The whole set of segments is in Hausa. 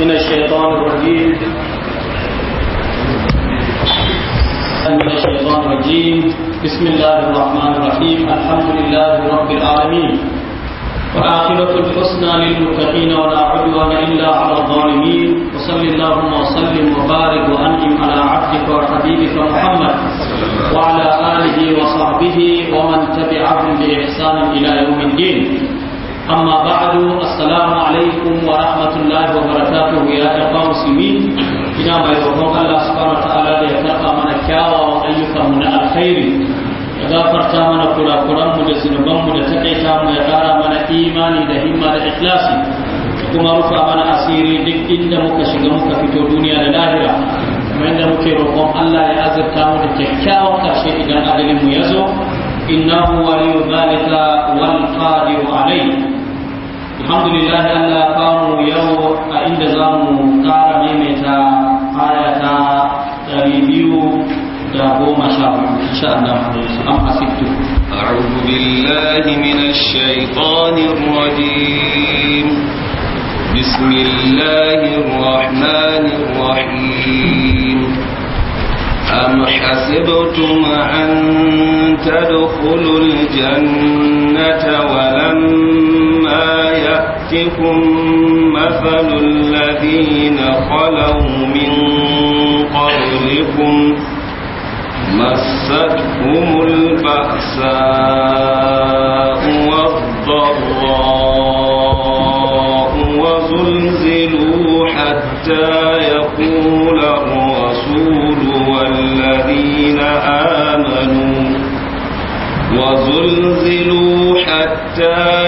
من الشيطان الرجيم من الشيطان الرجيم بسم الله الرحمن الرحيم الحمد لله رب العالمين وآخرة الحسنى للمتقين ولا عدوان إلا على الظالمين وصل اللهم وسلم وبارك وأنعم على عبدك وحبيبك محمد وعلى آله وصحبه ومن تبعهم بإحسان إلى يوم الدين Amma أما بعد السلام عليكم ورحمة الله وبركاته يا أخوة المسلمين إنا ما يرحمك الله سبحانه وتعالى ليتقى من الكاوى وأيك من الخير gafarta mana kurakuranmu da zunubanmu da takaita mu ya kara mana imani da himma da ikhlasi kuma rufa mana asiri duk inda muka shiga muka fito duniya da lahira kuma muke roƙon Allah ya azurta mu da kyakkyawan ƙarshe idan ajalin mu ya zo innahu waliyu zalika wal qadiru alayhi الحمد لله أن قاموا يوم عند زمن تارا ميمتا آية تريبيو دابو ما إن شاء الله أم أسكتو أعوذ بالله من الشيطان الرجيم بسم الله الرحمن الرحيم أم حسبتم أن تدخلوا الجنة ولما يأتكم مثل الذين خلوا من قبلكم مستهم البأساء والضراء وزلزلوا حتى آمنوا وزلزلوا حتى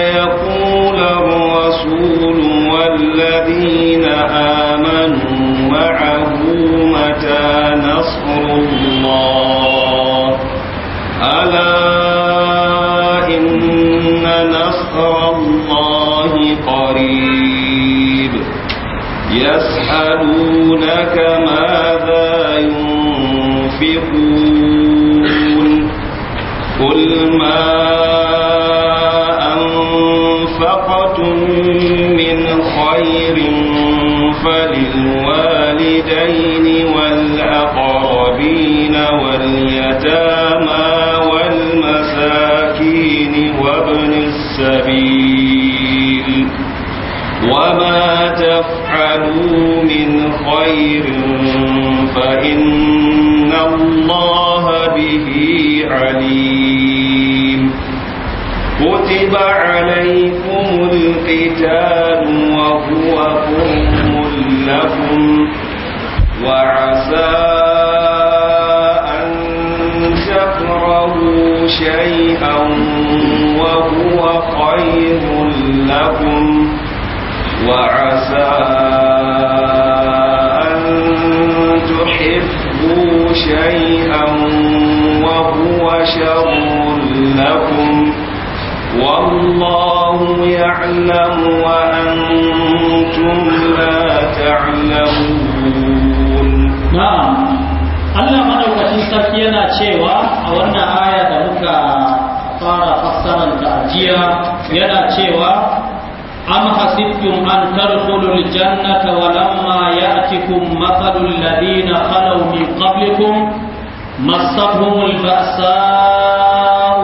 والوالدين والأقربين واليتامى والمساكين وابن السبيل وما تفعلوا من خير فإن الله به عليم كتب عليكم القتال أن تكرهوا شيئا وهو خير لكم وعسى أن تحبوا شيئا وهو شر لكم والله يعلم وأنتم لا تعلمون na'am Allah madaukakin sarki yana cewa a wannan aya da muka fara fassarar ta ajiya yana cewa an hasibtum an tadkhulul jannata wa lamma ya'tikum mathalul ladina khalaw min qablikum massahum al-ba'sa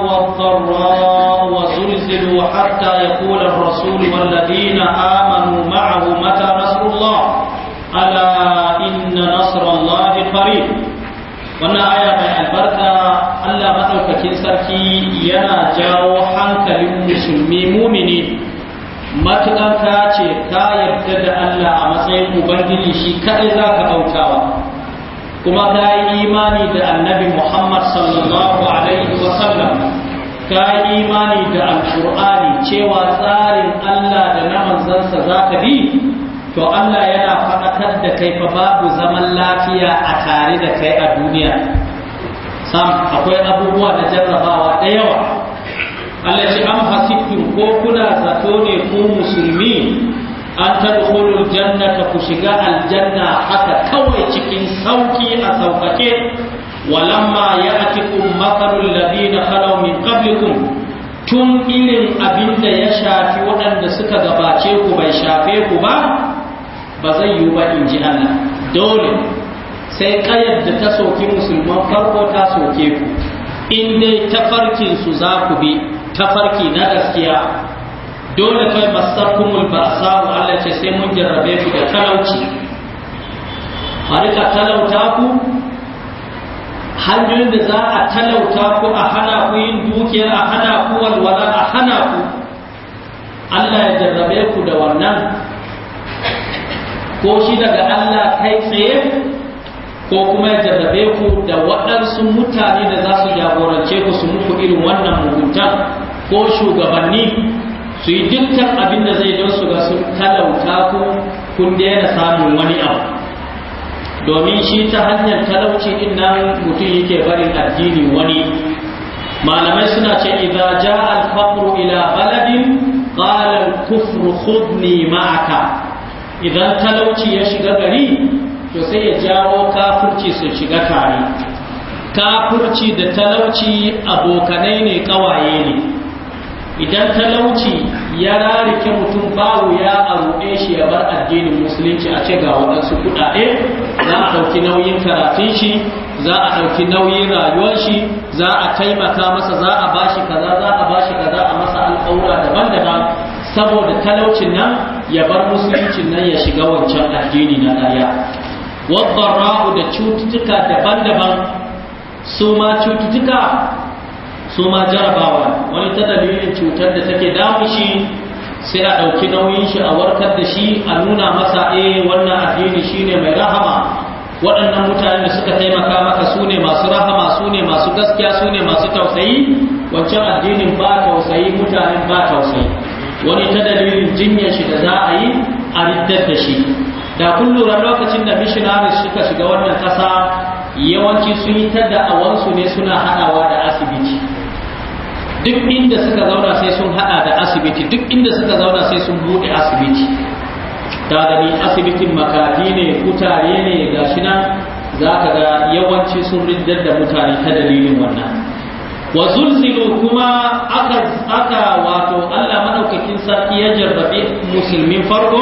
wad-dharra wa zulzilu hatta yaqula ar-rasul wal ladina amanu ma'ahu nasr Allah qarib wannan aya mai albarka Allah maɗaukakin sarki yana jawo hankalin musulmi mumini matuƙar ka ce ka yarda da Allah a matsayin ubangiji shi kaɗai za ka bautawa kuma ka yi imani da annabi Muhammad sallallahu alaihi sallam ka yi imani da alqur'ani cewa tsarin Allah da na manzansa zaka bi to Allah yana faɗakar da kai fa babu zaman lafiya a tare da kai a duniya sam akwai abubuwa da jarrabawa da yawa Allah ce an hasiku ko kuna zato ne ko musulmi an tadkhulul jannata ku shiga aljanna haka kawai cikin sauki a saukake walamma ya'tikum mathalul ladina khalaw min qablikum tun irin abin da ya shafi waɗanda suka gabace ku bai shafe ku ba ba zai yiwu ba in ji Allah dole sai kayar da ta soki musulman farko ta soke ku in dai su za ku bi tafarki na gaskiya dole kai masarkumul ba'sa wa Allah ce sai mun jarrabe ku da talauci harika talauta ku hanyoyin da za a talauta ku a hana ku yin dukiyar a hana ku walwala a hana ku Allah ya jarrabe ku da wannan ko shi daga Allah kai tsaye ko kuma ya jarrabe ku da waɗansu mutane da za su jagorance ku su muku irin wannan mugunta ko shugabanni su yi dukkan abin da zai don su ga su talauta ku kun daina samun wani abu domin shi ta hanyar talauci din nan mutum yake barin addini wani malamai suna ce idza jaa al-faqru ila baladin qala al-kufru khudni ma'aka idan talauci ya shiga gari to sai ya jawo kafirci su shiga tare kafirci da talauci abokanai ne kawaye ne idan talauci ya ke mutum babu ya a roƙe shi ya bar addinin musulunci a ce ga waɗansu kuɗaɗe za a ɗauki nauyin karatun shi za a ɗauki nauyin rayuwar shi za a taimaka masa za a bashi kaza za a bashi kaza a masa alƙawura daban-daban saboda talaucin nan ya bar musulunci nan ya shiga wancan addini na ɗaya wadda da cututtuka daban-daban su ma cututtuka su ma jarabawa wani ta dalilin cutar da take damu shi sai a ɗauki nauyin shi a warkar da shi a nuna masa a eh, wannan addini ne mai rahama waɗannan mutane da suka taimaka maka su ne masu rahama su ne masu gaskiya su ne masu tausayi wancan addinin ba tausayi mutanen ba tausayi wani ta dalilin jinyar shi da za a yi a riddar da shi da kun lura lokacin da missionaries suka shiga wannan ƙasa yawanci sun yi ta da'awansu ne suna haɗawa da asibiti duk inda suka zauna sai sun hada da asibiti duk inda suka zauna sai sun bude asibiti da gani asibitin makafi ne kutare ne ga shi nan za ka ga yawanci sun riddar da mutane ta dalilin wannan wa zulzilu kuma aka aka wato Allah madaukakin sarki ya jarrabe musulmin farko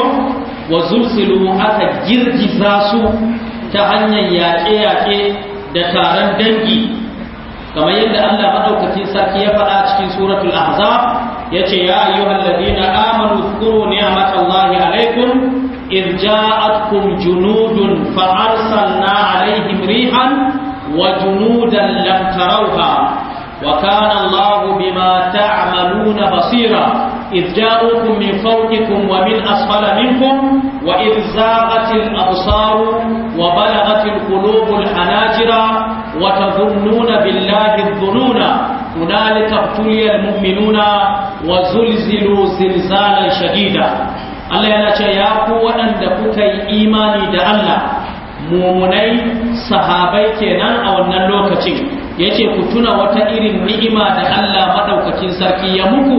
wa zulzilu aka girgiza su ta hanyar yaƙe-yaƙe da taron dangi kamar yadda Allah madaukakin sarki ya faɗa cikin suratul ahzab yace ya ayyuhal ladina amanu zkuru ni'matallahi alaykum idh ja'atkum junudun fa arsalna alayhim rihan wa junudan lam tarawha wa kana Allahu bima ta'maluna basira إذ جاءوكم من فوقكم ومن أسفل منكم وإذ زاغت الأبصار وبلغت القلوب الحناجر وتظنون بالله الظنون هنالك ابتلي المؤمنون وزلزلوا زلزالا شديدا Allah yana ce ya ku waɗanda kuka yi imani da Allah mumunai sahabai kenan a wannan lokacin yace ku tuna wata irin ni'ima da Allah madaukakin sarki ya muku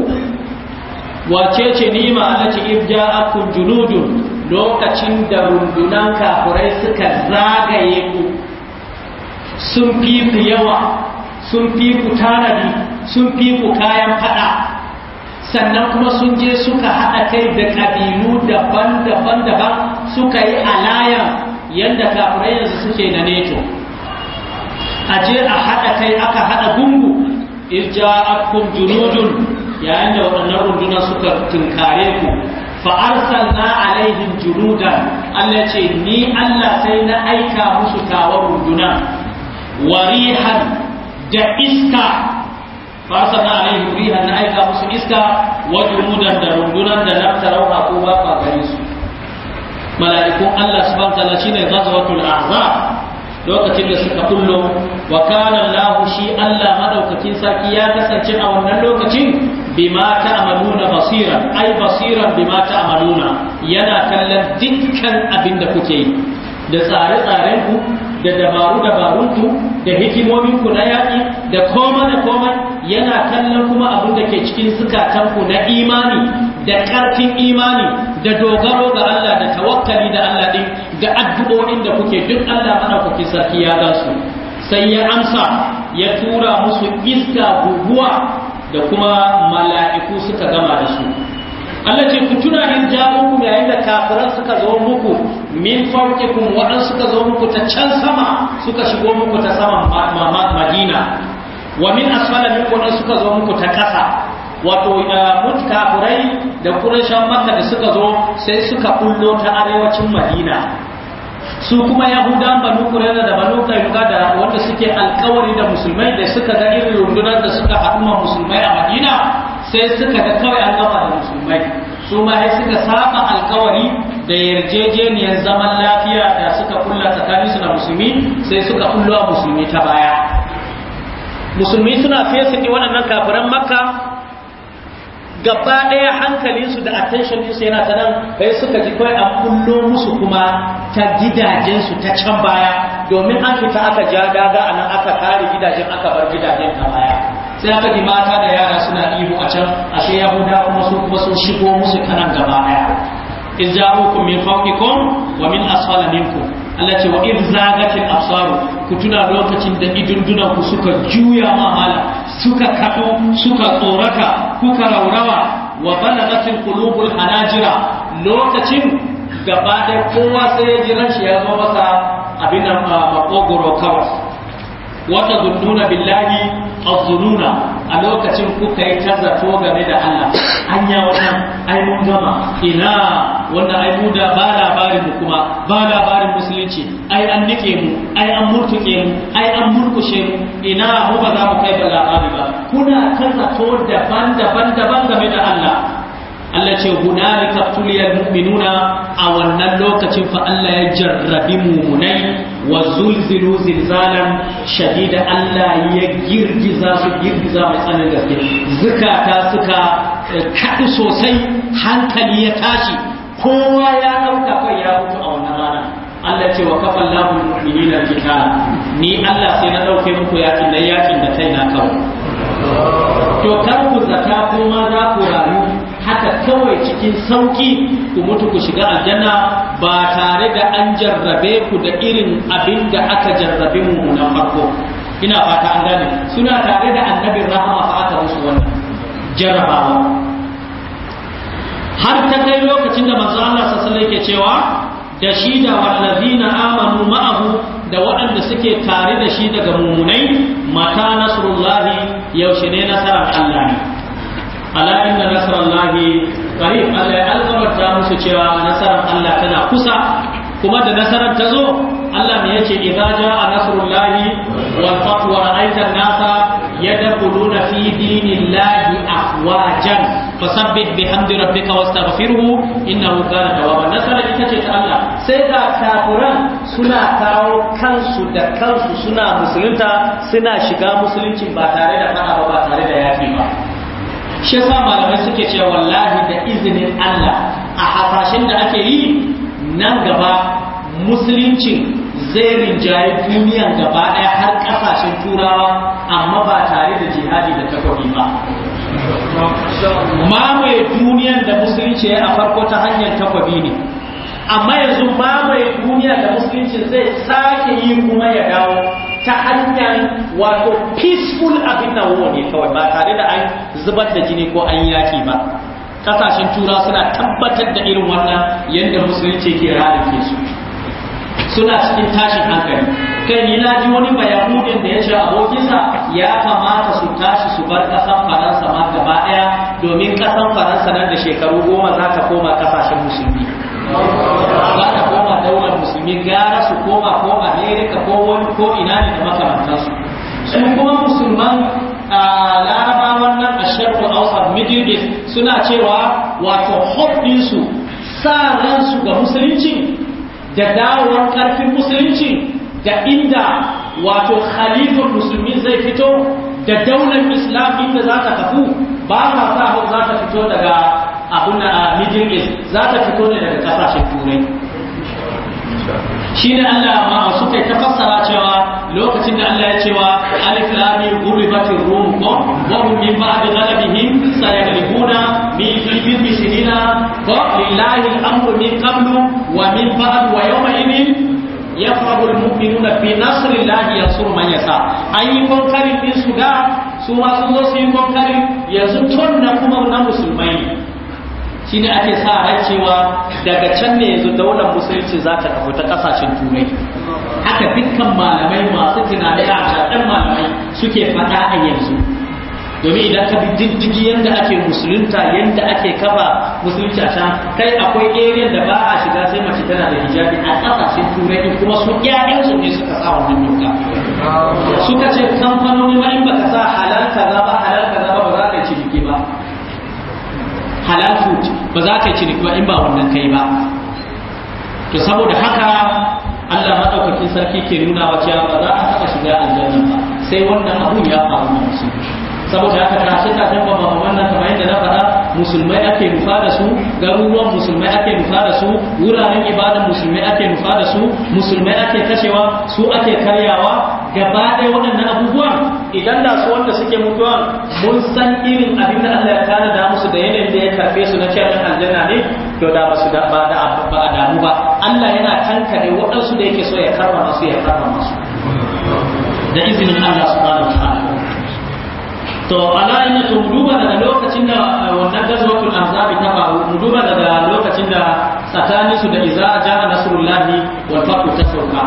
Wacece ce ni'ima Allah ce ibja'akum junudun lokacin da rundunan kafurai suka zagaye ku sun fi ku yawa sun fi ku tanadi sun fi ku kayan fada sannan kuma sun je suka haɗa kai da ƙabilu daban-daban daban suka yi alayan yadda kafirai yanzu suke da neto a je a haɗa kai aka haɗa gungu irja'akum junudun yayin da waɗannan runduna suka tunkare ku fa arsalna alaihim junudan Allah ce ni Allah sai na aika musu tawar runduna warihan da iska farsana alaihim rihan na aika musu iska wajen mudan da rundunan da lam tarawha ko ba ka gare su mala'ikun Allah subhanahu wa ta'ala shine ghazwatul ahzab lokacin da suka kullo wa kana Allah shi Allah madaukakin sarki ya kasance a wannan lokacin bima ta'maluna basira ai basiran bima ta'maluna yana kallon dukkan abin da kuke yi da tsare-tsaren ku da dabaru dabarunku da hikimominku na yaƙi da koma da koma yana kallon kuma abin da ke cikin zukatanku na imani da ƙarfin imani da dogaro ga Allah da tawakkali da Allah ɗin da addu'o'in da kuke duk Allah mana kuke sarki ya gasu sai ya amsa ya tura musu iska guguwa da kuma mala'iku suka gama da su Allah ce ku tuna in jawo ku yayin da kafiran suka zo muku min fawqikum waɗansu suka zo muku ta can sama suka shigo muku ta saman madina wa min asfala min waɗansu suka zo muku ta kasa, wato uh, mutkafurai da kurashan makka da suka zo sai suka kullo ta arewacin madina su kuma yahudan banu kurera da banu kayuka da wanda suke alkawari da musulmai da suka ga irin rundunar da suka haɗuma musulmai a madina sai suka ga kawai alkawari gama da musulmai su ma sai suka saba alkawari da yarjejeniyar zaman lafiya da suka kulla tsakaninsu na musulmi sai suka kulla musulmi ta baya musulmi suna fesin waɗannan kafiran makka gaba ɗaya hankalinsu da attention su yana ta nan bai suka ji kawai an kullo musu kuma ta gidajensu ta can baya domin an fita aka ja daga a nan aka kare gidajen aka bar gidajen ta baya sai aka ji mata da yara suna ihu a can ashe yahuda kuma su kuma sun shigo musu kanan gaba ɗaya in ja'ukum min fawqikum wa min asfala minkum Allah ce wa idh zagatil absaru ku tuna lokacin da idundunan ku suka juya mamala suka kado suka tsoraka kuka raurawa wa balagatil hana jira. lokacin gaba da kowa sai ya ji shi ya zo masa abin da wata zununa billahi azzununa a lokacin kuka yi tazato game da Allah anya wannan ai mun gama ina wanda ai mu da ba labarin mu kuma ba labarin musulunci ai an nike mu ai an murtuke mu ai an murkushe mu ina mu ba za mu kai ba labari ba kuna tazato daban daban daban game da Allah Allah ce hunalika tuliyal mu'minuna a wannan lokacin fa Allah ya jarrabi mumunai wa zulzilu zilzalan shadida Allah ya girgiza su girgiza mai tsanin gaske zukata suka eh, kaɗi sosai hankali ya tashi kowa ya ɗauka kai ya mutu a wannan rana Allah ce wa kafa lahul mu'minina kitala ni Allah sai na ɗauke muku yakin da yakin da kai na kawai to kar ku zata kuma za ku rayu haka kawai cikin sauki ku mutu ku shiga aljanna ba tare da an jarrabe ku da irin abin da aka jarrabe mu na farko ina fata an gane suna tare da annabin rahama fa aka musu wannan jarrabawa har ta kai lokacin da manzo Allah sallallahu alaihi cewa da shi da wallazina amanu ma'ahu da waɗanda suke tare da shi daga mumunai mata nasrullahi yaushe ne nasarar Allah ne ala nasarar lahi ƙarif allai ya ta musu cewa nasarar Allah tana kusa kuma da nasarar ta zo Allah ne yace ce jaa a nasarar lahi wa fatuwar aikar nasa yadkhuluna fi dinillahi afwajan fasabbih bihamdi rabbika wastaghfirhu innahu da tawwaban Nasarar ita ce ta Allah sai ga kafiran suna kawo kansu da kansu suna musulunta suna shiga Musuluncin ba tare da fada ba tare da yafi ba shi yasa malamai suke cewa wallahi da izinin Allah a hasashen da ake yi nan gaba musuluncin zai rinjaye duniyan gaba ɗaya har ƙasashen turawa amma ba tare da jihadi da takwabi ba mamaye duniyan da musulunci ya a farko ta hanyar takwabi ne amma yanzu mamaye duniya da musulunci zai sake yi kuma ya dawo ta hanyar wato peaceful abin na ne kawai ba tare da an zubar da jini ko an yaki ba kasashen tura suna tabbatar da irin wannan yadda musulunci ke ke su suna cikin tashin hankali kai ni na ji wani bayahudin da ya ce abokinsa ya kamata su tashi su bar kasan faransa ma gaba daya domin kasan faransa nan da shekaru goma za ta koma kasashen musulmi za ta koma musulmi gara su koma ko amerika ko wani ko ina ne da makamantansu su kuma musulman laraba nan a sharku ausar middle suna cewa wato hobbinsu sa ransu ga musulunci da dawowar karfin musulunci da inda wato khalifar musulmi zai fito da daular islam inda za ta tafi ba ka sa za ta fito daga abun na middle east za ta fito ne daga kasashen turai shi ne Allah ma kai ta fassara cewa lokacin da Allah ya cewa alif lam mim batin rum ko wa hum min ba'di ghalabihim sayaghlibuna min fil sinina fa lillahi al-amru min qablu wa min ba'd wa yawma idin yafrahu al-mu'minuna fi nasrillahi yansuru man yasa ayi yi kokarin din su su ma sun zo su yi yanzu tunna kuma na musulmai Shin ake sa a cewa daga can ne yanzu daular musulunci za ta ta kasashen turai haka dukkan malamai masu tunani a shaɗan malamai suke faɗa a yanzu domin idan ka bi diddigi yadda ake musulunta yadda ake kafa musulunci a can kai akwai area da ba a shiga sai mace tana da hijabi a kasashen turai kuma su ƴaƴansu ne suka sa wannan doka suka ce kamfanoni ma in baka sa halarta za ba ba za ka yi ciniki ba in ba wannan kai ba to saboda haka Allah maɗaukakin sarki ke nuna wa cewa ba za a taɓa shiga aljanna ba sai wannan abun ya faru na musu saboda haka ta shi ta tabbata wannan kamar yadda na faɗa musulmai ake nufa da su garuruwan musulmai ake nufa da su wuraren ibadan musulmai ake nufa da su musulmai ake kashewa su ake karyawa gaba ɗaya waɗannan abubuwan idan da su wanda suke mutuwa mun san irin abin da Allah ya tana da musu da yanayin da ya karfe su na cikin aljanna ne to da ba su da ba da ba damu ba Allah yana kankare waɗansu da yake so ya karba masu ya karba masu da izinin Allah subhanahu wa ta'ala to alayna to duba daga lokacin da wannan gazwatul ahzab ta faru duba daga lokacin da tsakanin su da iza jaa nasrullahi wal fathu tasawka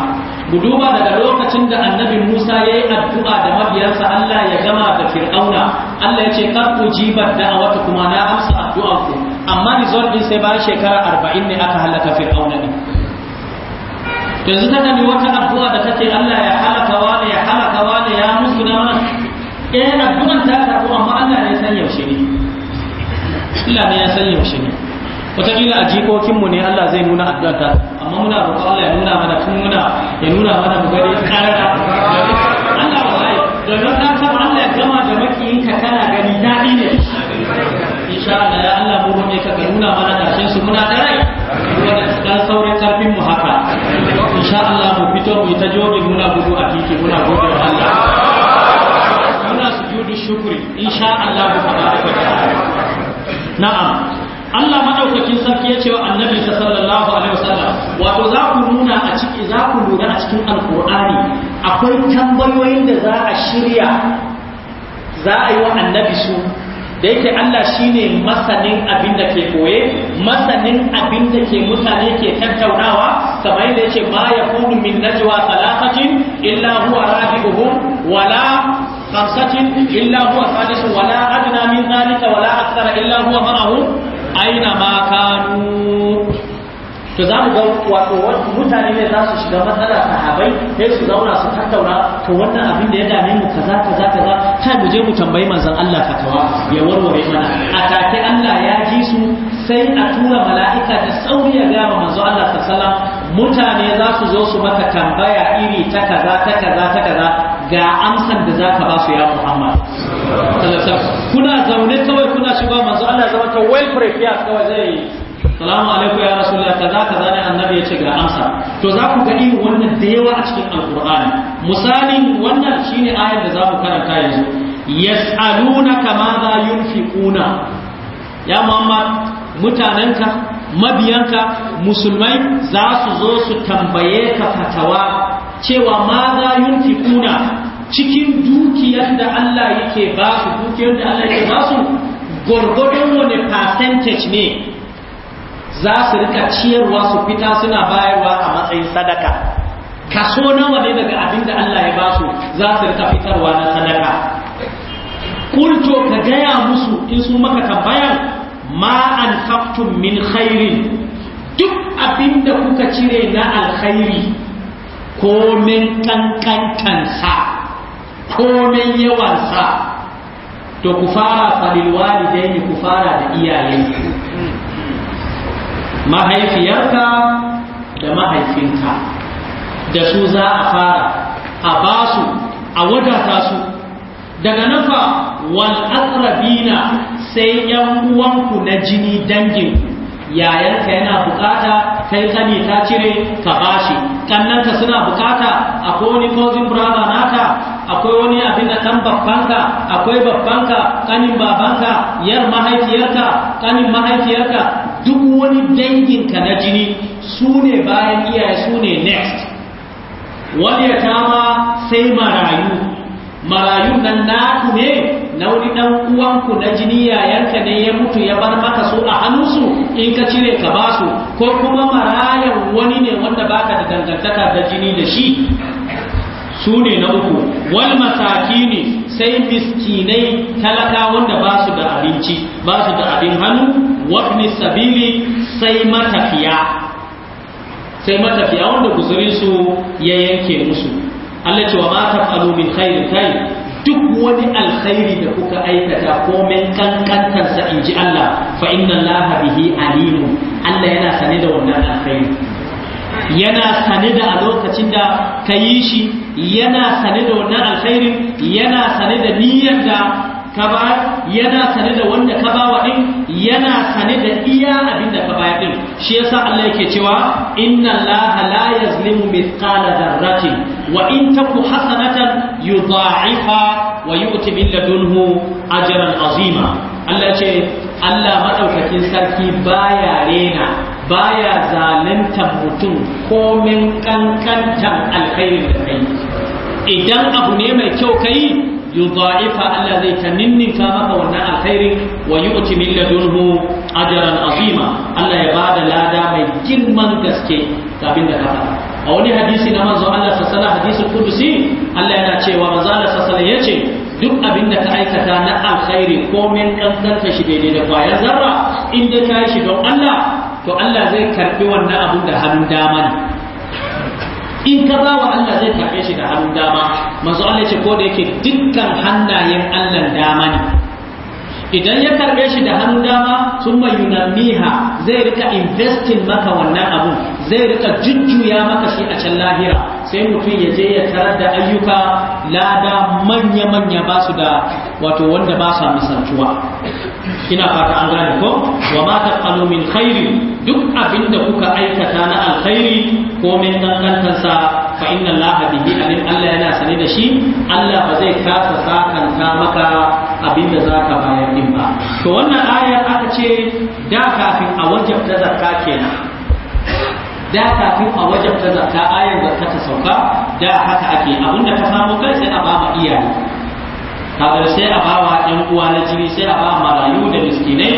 duba daga lokacin da annabi Musa yayi addu'a da mabiyansa Allah ya gama da Fir'auna Allah ya ce kar ku jibar da'awata kuma na amsa addu'ar ku amma result din sai bayan shekara 40 ne aka halaka Fir'auna ne yanzu ta nabi wata addu'a da take Allah ya halaka wani ya halaka wani ya musa. eh addu'an ta karɓu amma Allah ne san yaushe ne Allah ne ya san yaushe ne wataƙila a jikokinmu ne Allah zai nuna addu'a amma muna roƙon Allah ya nuna mana tun muna ya nuna mana mu gari ƙarara Allah wallahi domin ka san Allah ya gama da ka kana gani daɗi ne insha Allah ya Allah mu roƙe ka ka nuna mana ƙarshen su muna da rai dan saurin karfin mu haka insha Allah mu fito mu ta jobi muna gudu a titi muna gode Allah shukri Allah tabaraka na'am Allah madaukakin sarki ya ce wa annabi sallallahu alaihi wasallam wato za ku nuna a ciki za ku lura a cikin alqur'ani akwai tambayoyin da za a shirya za a yi wa annabi su da yake Allah shine masanin abin da ke koye masanin abin da ke mutane ke tattaunawa kamar yadda yake ma yakunu min najwa salafatin illa huwa rabi'uhum wala khamsatin illa huwa sadisu wala adna min zalika wala akthara illa huwa ma'ahum aina ma kanu to za mu ga wato mutane ne za su shiga matsala sahabai sai su zauna su tattauna to wannan abin da ya dame mu kaza kaza kaza kai mu je mu tambayi manzon Allah ka fatawa ya warware mana a take Allah ya ji su sai a tura mala'ika da sauri ya gama manzon Allah sallallahu alaihi mutane za su zo su maka tambaya iri ta kaza ta kaza ta kaza ga amsan da za ka ba su ya Muhammad kuna zaune kawai kuna shiga manzo Allah zama ta well prepared kawai zai salamu alaikum ya rasulullah kaza kaza ne annabi ya ce ga amsa to za ku ga irin wannan da yawa a cikin Alƙur'ani. misali wannan shine ayar da za mu karanta yanzu yas'alunaka ma za yunfiquna ya Muhammad mutanenka mabiyanka musulmai za su zo su tambaye ka fatawa cewa ma za cikin dukiyar da Allah yake ba su dukiyar da Allah yake ba su gwargwadon wani percentage ne za su rika ciyarwa su fita suna bayarwa a matsayin sadaka kaso nawa ne daga abin da Allah ya ba su za su rika fitarwa na sadaka kulto ka gaya musu in su maka tambayan ma an faktun min khairin duk abin da kuka cire na alkhairi komen kankantansa komen yawansa to ku fara falilwali dai ku fara da iyayenku mahaifiyarka da mahaifinka da su za a fara a basu a wadata su daga nafa wal aqrabina sai yan uwanku na jini dangin yayanka yana bukata kai kani ta cire ka bashi ka suna bukata akwai wani cousin brother naka akwai wani abin da kan babbanka akwai babbanka kanin babanka yar mahaifiyarka kanin mahaifiyarka duk wani dangin ka na jini su ne bayan iyaye su ne next wani ya tama sai marayu marayu nan naku ne na wani dan uwanku na jini yanka ne ya mutu ya bar maka su a hannunsu in ka cire ka ba su ko kuma marayan wani ne wanda baka da dangantaka da jini da shi su ne na uku wal masakini sai miskinai talaka wanda ba su da abinci ba su da abin hannu wani sabili sai matafiya sai matafiya wanda guzurinsu ya yanke musu Allah ce wa ma taf'alu min khairin kai duk wani alkhairi da kuka aikata komai kankantarsa in ji Allah fa inna Allah bihi alimu Allah yana sane da wannan alkhairi yana sane da a lokacin da ka yi shi yana sane da wannan alkhairin yana sane da niyyar da ka bayar yana sane da wanda ka bawa din yana sane da iya abin da ka bayar din shi yasa Allah yake cewa inna Allah la yazlimu mithqala dharratin wa in taku hasanatan yudha'ifa wa yu'ti min ladunhu ajran azima Allah ce Allah madaukakin sarki baya rena baya zalunta mutum ko min kankantan alkhairin da kai idan abu ne mai kyau kai yudha'ifa Allah zai ta ninninka maka wannan alkhairi wa yu'ti min ladunhu ajran azima Allah ya bada lada mai girman gaske kafin da kafa a wani hadisi na manzo Allah sallallahu hadisul qudusi Allah yana cewa manzo Allah sallallahu yace duk abin da ka aikata na alkhairi komen kankanta shi daidai da kwayar zarra in ka yi shi don Allah to Allah zai karbi wannan abun da hannun dama ne in ka ba wa Allah zai karɓe shi da hannun dama manzo Allah ce ko da yake dukkan hannayen Allah dama ne idan ya karɓe shi da hannun dama sun mai yunamiha zai rika investin maka wannan abun zai rika jujjuya maka shi a can lahira sai mutum ya je ya tarar da ayyuka lada manya-manya ba su da wato wanda ba sa misantuwa ina fata an gane ko wa ma taqalu min khairin duk abin da kuka aikata na alkhairi ko min kankantarsa fa inna Allah bihi alim Allah yana sani da shi Allah ba zai kasa sakanta maka abin da zaka bayar din ba to wannan ayar aka ce da kafin a wajabta zakka kenan da kafin a wajabta zakka ayar da ta sauka da haka ake abinda ka samu kai sai a ba ma iyaye kaga sai a ba wa ɗan uwa na jini sai a ba marayu da miskinai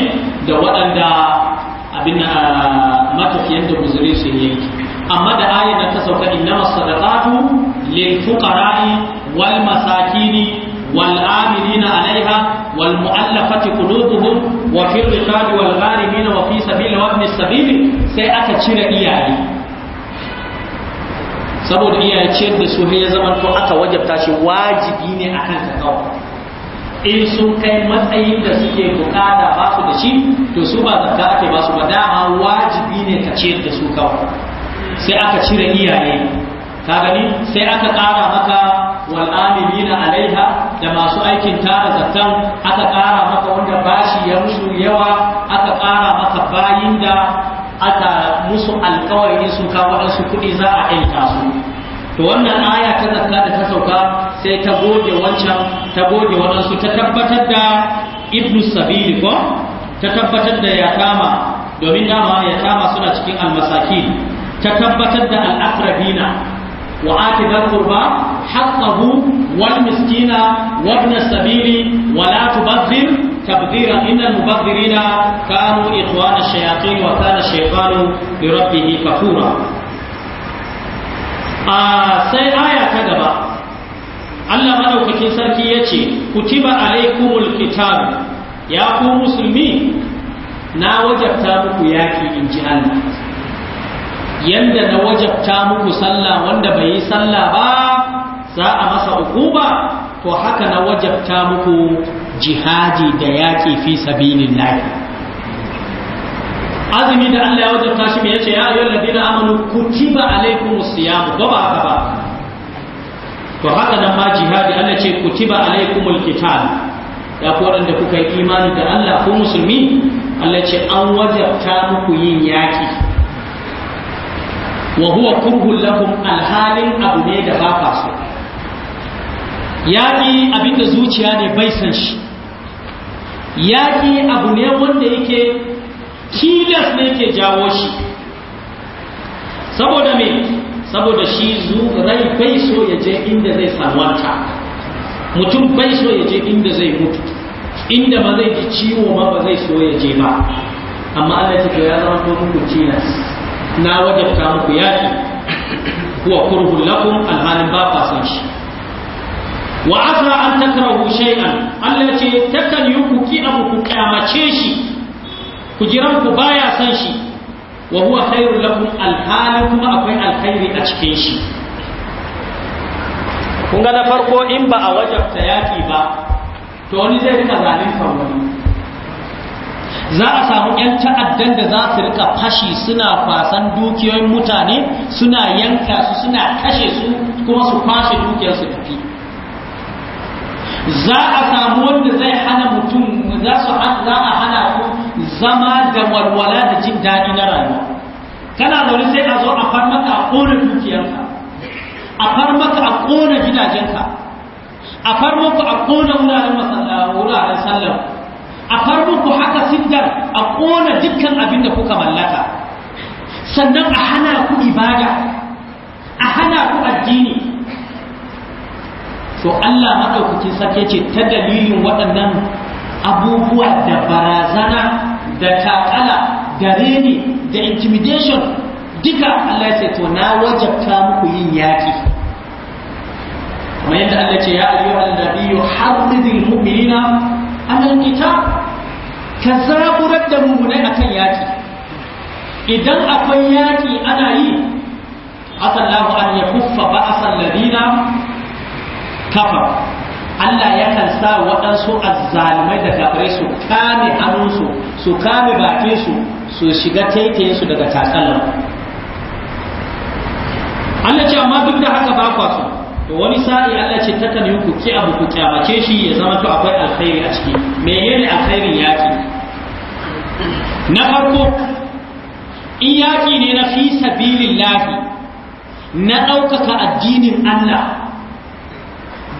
da waɗanda abin matafiyan da guzuri su yi amma da ayin da ta sauka innama sadaqatu lil fuqara'i wal masakini wal amilina alaiha wal mu'allafati qulubuhum wa fi riqabi wal gharibina wa fi sabili wa ibn sabili sai aka cire iyaye saboda iyaye ciyar da su ya zama to aka wajabta shi wajibi ne akan ta kawai in sun kai matsayin da suke bukata ba su da shi to su ba zakka ake ba su ba dama wajibi ne ka ciyar da su kawai sai aka cire iyaye ka gani sai aka ƙara maka wal amilina alaiha da masu aikin tara zakkan aka ƙara maka wanda bashi ya rusu yawa aka ƙara maka bayin da aka musu alkawari sun kawo su kuɗi za a aika su to wannan aya ta zakka da ta sauka sai ta goge wancan ta goge waɗansu ta tabbatar da ibnu sabili ko ta tabbatar da yatama domin dama yatama suna cikin almasaki ta tabbatar da al'akrabina wa ati dhal qurba haqqahu wal miskina wa ibn sabili wa la tubadhir tabdhira innal mubadhirina kanu ikhwana shayatin wa kana shaytanu li rabbih kafura a sai aya ta gaba Allah madaukakin sarki ya ce kutiba alaikumul kitab ya ku musulmi na wajabta muku yaki in ji Allah yanda na wajabta muku sallah wanda bai yi sallah ba za a masa hukuma to haka na wajabta muku jihadi da yaki fi sabilillah azumi da Allah ya wajabta shi me yace ya ayyuhal ladina amanu kutiba alaykumus siyam ba ba haka ba to haka nan ma jihadi Allah ce kutiba alaykumul qital ya ku waɗanda kuka yi imani da Allah ko musulmi Allah ce an wajabta muku yin yaƙi wa huwa kurhun lahum alhalin abu ne da ba ka so yaƙi abinda zuciya ne bai san shi yaƙi abu ne wanda yake tilas ne ke jawo shi saboda me saboda shi rai bai so ya je inda zai salwanta mutum bai so ya je inda zai mutu inda ba zai ji ciwo ma ba zai so ya je ba amma Allah ta ya zama ko muku tilas na wajabta muku yaki kuwa kurhul lakum alhalin ba fa san shi wa an takrahu shay'an Allah ce takan yi ki abu ku kyamace shi kujiranku baya san shi wa huwa khairul lakum alhali kuma akwai alkhairi a cikin shi kun ga na farko in ba a wajabta yaki ba to wani zai rika zalunta wani za a samu 'yan ta'addan da za su rika fashi suna fasan dukiyoyin mutane suna yanka su suna kashe su kuma su kwashe dukiyar su tafi za a samu wanda zai hana mutum za a hana zama da walwala da jin daɗi na rayuwa kana zaune sai a zo a far maka a ƙona dukiyarka a far maka a ƙona gidajenka a far maka a ƙona wuraren sallar a far muku haka siddar a ƙona dukkan abin da kuka mallaka sannan a hana ku ibada a hana ku addini to Allah maɗaukacin sake ce ta dalilin waɗannan abubuwa da barazana da takala da reni da intimidation duka Allah ya ce to na wajabta muku yin yaƙi kamar yadda Allah ce ya ayyuha annabiyyu harridil mu'minina alal qital ka zaburar da mu'minai akan yaƙi idan akwai yaƙi ana yi asallahu an yakuffa ba'sal ladina kafa. Allah yakan sa waɗansu azzalumai da kafirai su kame hannunsu su kame bakinsu su shiga taitayensu daga takallar Allah ce amma duk da haka ba kwa su to wani sa'i Allah ce ta kan ku ki abu ku kyamace shi ya zama to akwai alkhairi a ciki Me menene alkhairin yaki na farko in yaki ne na fi sabilillahi na ɗaukaka addinin Allah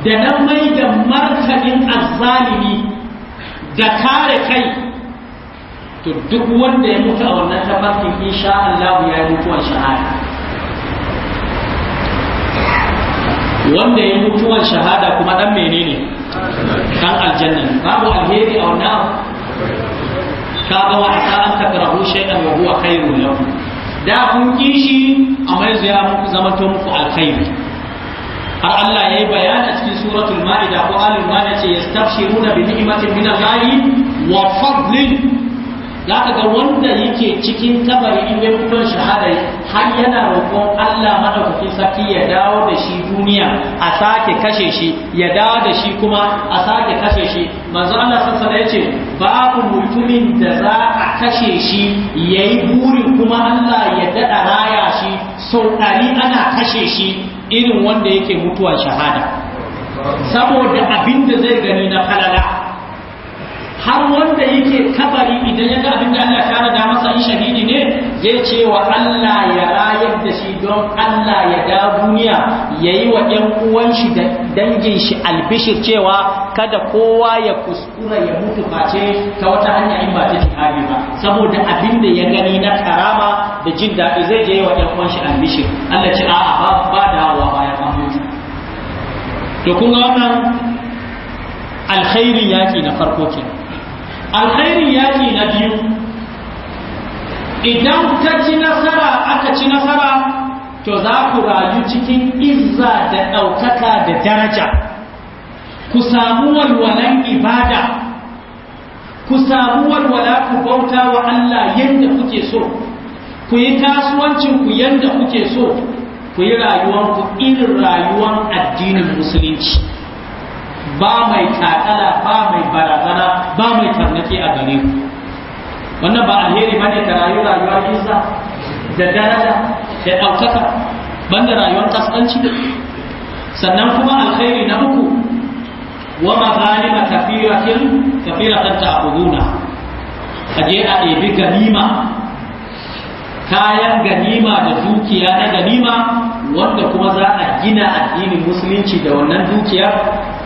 da na mai da martanin azzalimi da kare kai to duk wanda ya mutu a wannan tafarkin insha Allah ya yi mutuwar shahada wanda ya mutuwar shahada kuma dan menene kan aljanna babu alheri a wannan ka ga wa asalan ka tarahu shay'an wa huwa khairun lahu da kun kishi amma yanzu ya muku zama to muku alkhairi har Allah ya yi bayani cikin suratul ma'ida ko alul ma'ida ce ya yastabshiruna bi ni'matin min al-ghayi wa fadlin zaka ga wanda yake cikin kabari in bai fito shahada har yana roƙon Allah madaukakin saki ya dawo da shi duniya a sake kashe shi ya dawo da shi kuma a sake kashe shi manzo Allah sassa da yace babu mutumin da za a kashe shi yayi burin kuma Allah ya dada raya shi sau ɗari ana kashe shi irin wanda yake mutuwa shahada saboda abin da zai gani na halala har wanda yake kabari idan ya ga abin da Allah ta rada masa in shahidi ne zai ce wa Allah ya rayar da shi don Allah ya ga duniya ya yi wa ‘yan uwan shi da dangin shi albishir cewa kada kowa ya kuskura ya mutu face ta wata hanya in ba ta jihadi ba saboda abin da ya gani na karama da jin daɗi zai je wa ‘yan uwan shi albishir Allah ce a'a ba ba dawowa bayan an mutu to kun ga wannan alkhairi yaki na farko kenan alkhairin yaƙi na biyu idan ta ci nasara aka ci nasara to za ku rayu cikin izza da ɗaukaka da daraja ku samu walwalan ibada ku samu walwala ku bauta wa Allah yadda kuke so ku yi kasuwancinku yadda kuke so ku yi rayuwanku irin rayuwar addinin musulunci ba mai takala ba mai barazana ba mai tarnaki a gare ku wannan ba alheri bane ka rayu rayuwar isa da daraja da ɗaukaka banda rayuwar da sannan kuma alheri na uku wa maghalima kafiratin kafiratan ta'khuduna aje a ɗebi ganima kayan ganima da dukiya na ganima wanda kuma za a gina addinin musulunci da wannan dukiya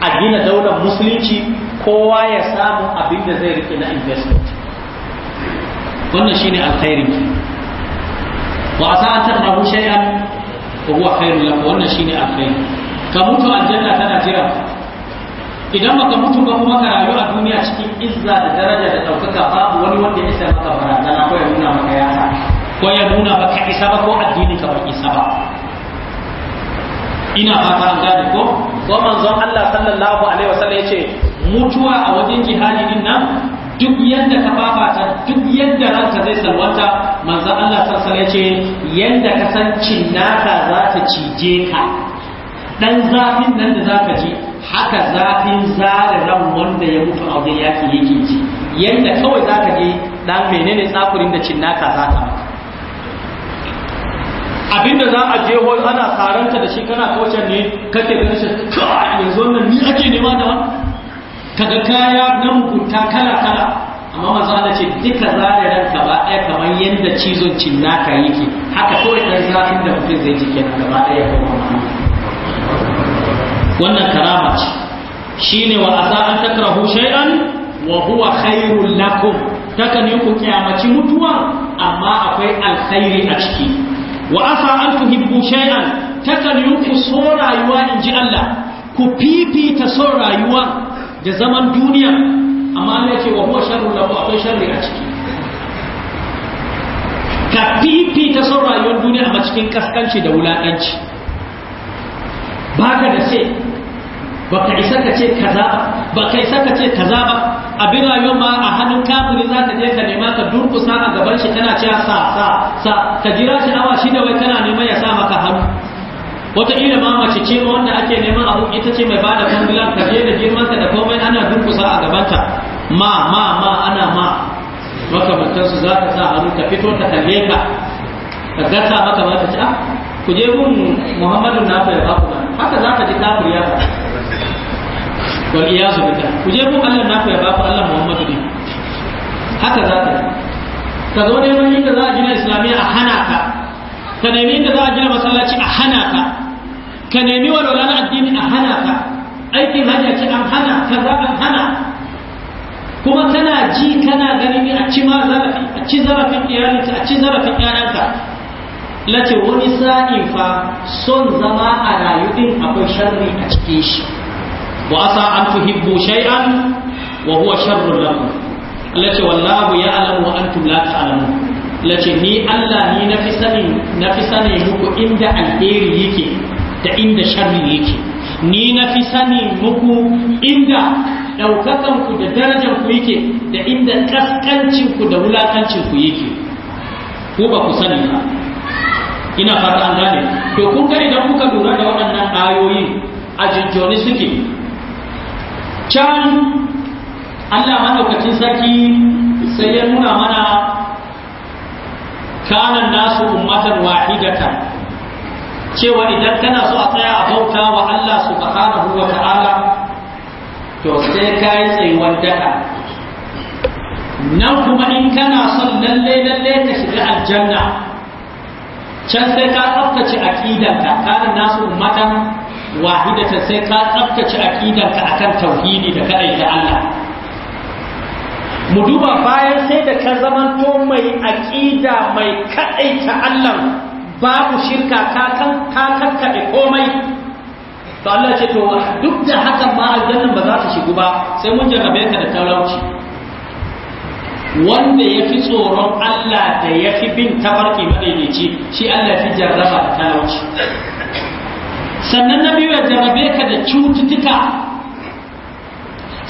a gina daular musulunci kowa ya samu abin da zai rike na investment wannan shi alkhairin ki wa sa'an ta tarbahu shay'an wa huwa khairul lafi wannan ne alkhairi ka mutu aljanna tana jira idan baka mutu ba kuma ka rayu a duniya cikin izza da daraja da daukaka babu wani wanda ya isa maka barazana ko ya nuna maka ya ko ya nuna ba ka isa ba ko addini ka bai isa ba ina fata an gane ko ko manzon Allah sallallahu alaihi wasallam yace mutuwa a wajen jihadi din nan duk yadda ka fafata duk yadda ranka zai salwanta manzon Allah sallallahu alaihi yace yanda ka san cinnaka za ta cije ka dan zafin nan da zaka ji haka zafin zare ran wanda ya mutu a wajen yaki yake ji yadda kawai zaka ji dan menene tsakurin da cinnaka za ta maka abinda za a je hol ana karanta da shi kana kaucen ne kake ganin shi kai yanzu wannan ni ake nema da kaga kaya na mugunta kala kala amma manzo Allah ce duka zariran ka ba ɗaya kamar yadda cizon cinnaka yake haka kawai ɗan zafin da mutum zai ji kenan gaba ɗaya wannan karama ce shine wa asa an takrahu shay'an wa huwa khairul lakum takan yi ku kiyamaci mutuwa amma akwai alkhairi a ciki wa asa an tuhibbu shay'an takan yunku so rayuwa in ji Allah ku fifita son rayuwa da zaman duniya amma Allah ce wa huwa sharru lahu akwai sharri a ciki ka fifita son rayuwar duniya a cikin kaskanci da wulakanci baka da sai baka isa ka ce kaza ba baka isa ka ce kaza ba abin rayuwar ma a hannun kafiri za ka je ka nema ka durkusa a gaban shi tana cewa sa sa sa ka jira shi awa shi da wai kana neman ya sa maka hannu wataƙila ma mace ce wanda ake neman abu ita ce mai bada kwangila ka je da ka da komai ana durkusa a gabanta ma ma ma ana ma makamantansu za ka sa hannu ka fito ta kalle ka ka gata maka ma ta ce ah, ku je mun muhammadu na fa ya ba ku haka za ka ji kafir ya wal iyazu billah ku je kun Allah naku ya ba ku Allah Muhammadu ne haka za ka ka zo neman yadda za a gina islamiyya a hana ka ka nemi yadda za a gina masallaci a hana ka ka nemi walwala na addini a hana ka aikin hanya ce an hana za an hana kuma kana ji kana gani a ci ma zarafi a ci zarafin iyalinka a ci zarafin ƴaƴanka lace wani sa'in fa son zama a rayu din akwai sharri a cikin shi wa asa an tuhibbu shay'an wa huwa sharrun lakum Allah ce wallahu ya'lamu wa antum la ta'lamun Allah ce ni Allah ni nafi sani nafi sani muku inda alheri yake da inda sharri yake ni nafi sani muku inda daukakan ku da darajar ku yake da inda kaskancin ku da wulakancin ku yake ko ba ku sani ba ina fata an gane to kun ga idan kuka lura da waɗannan ayoyi a jinjoni suke can Allah maɗaukacin sarki sai ya nuna mana kanan nasu ummatan wahidatan cewa idan kana so a tsaya a bauta wa Allah subhanahu wa ta'ala to sai ka yi tsayuwar daɗa nan kuma in kana son lalle lalle ka shiga aljanna can sai ka tsaftace aqidanka kana nasu ummatan wahidata sai ka tsabtace aqidanka akan tauhidi da kadai da Allah mu duba bayan sai da ka to mai aqida mai kadai ta Allah babu shirka ka kan ka kakkabe komai to Allah ce to duk da haka ma aljannan ba za ta shigu ba sai mun jarrabe ka da talauci wanda ya fi tsoron Allah da ya fi bin tafarki madaidaici shi Allah fi jarraba da talauci sannan na biyu ya jarrabe ka da cututtuka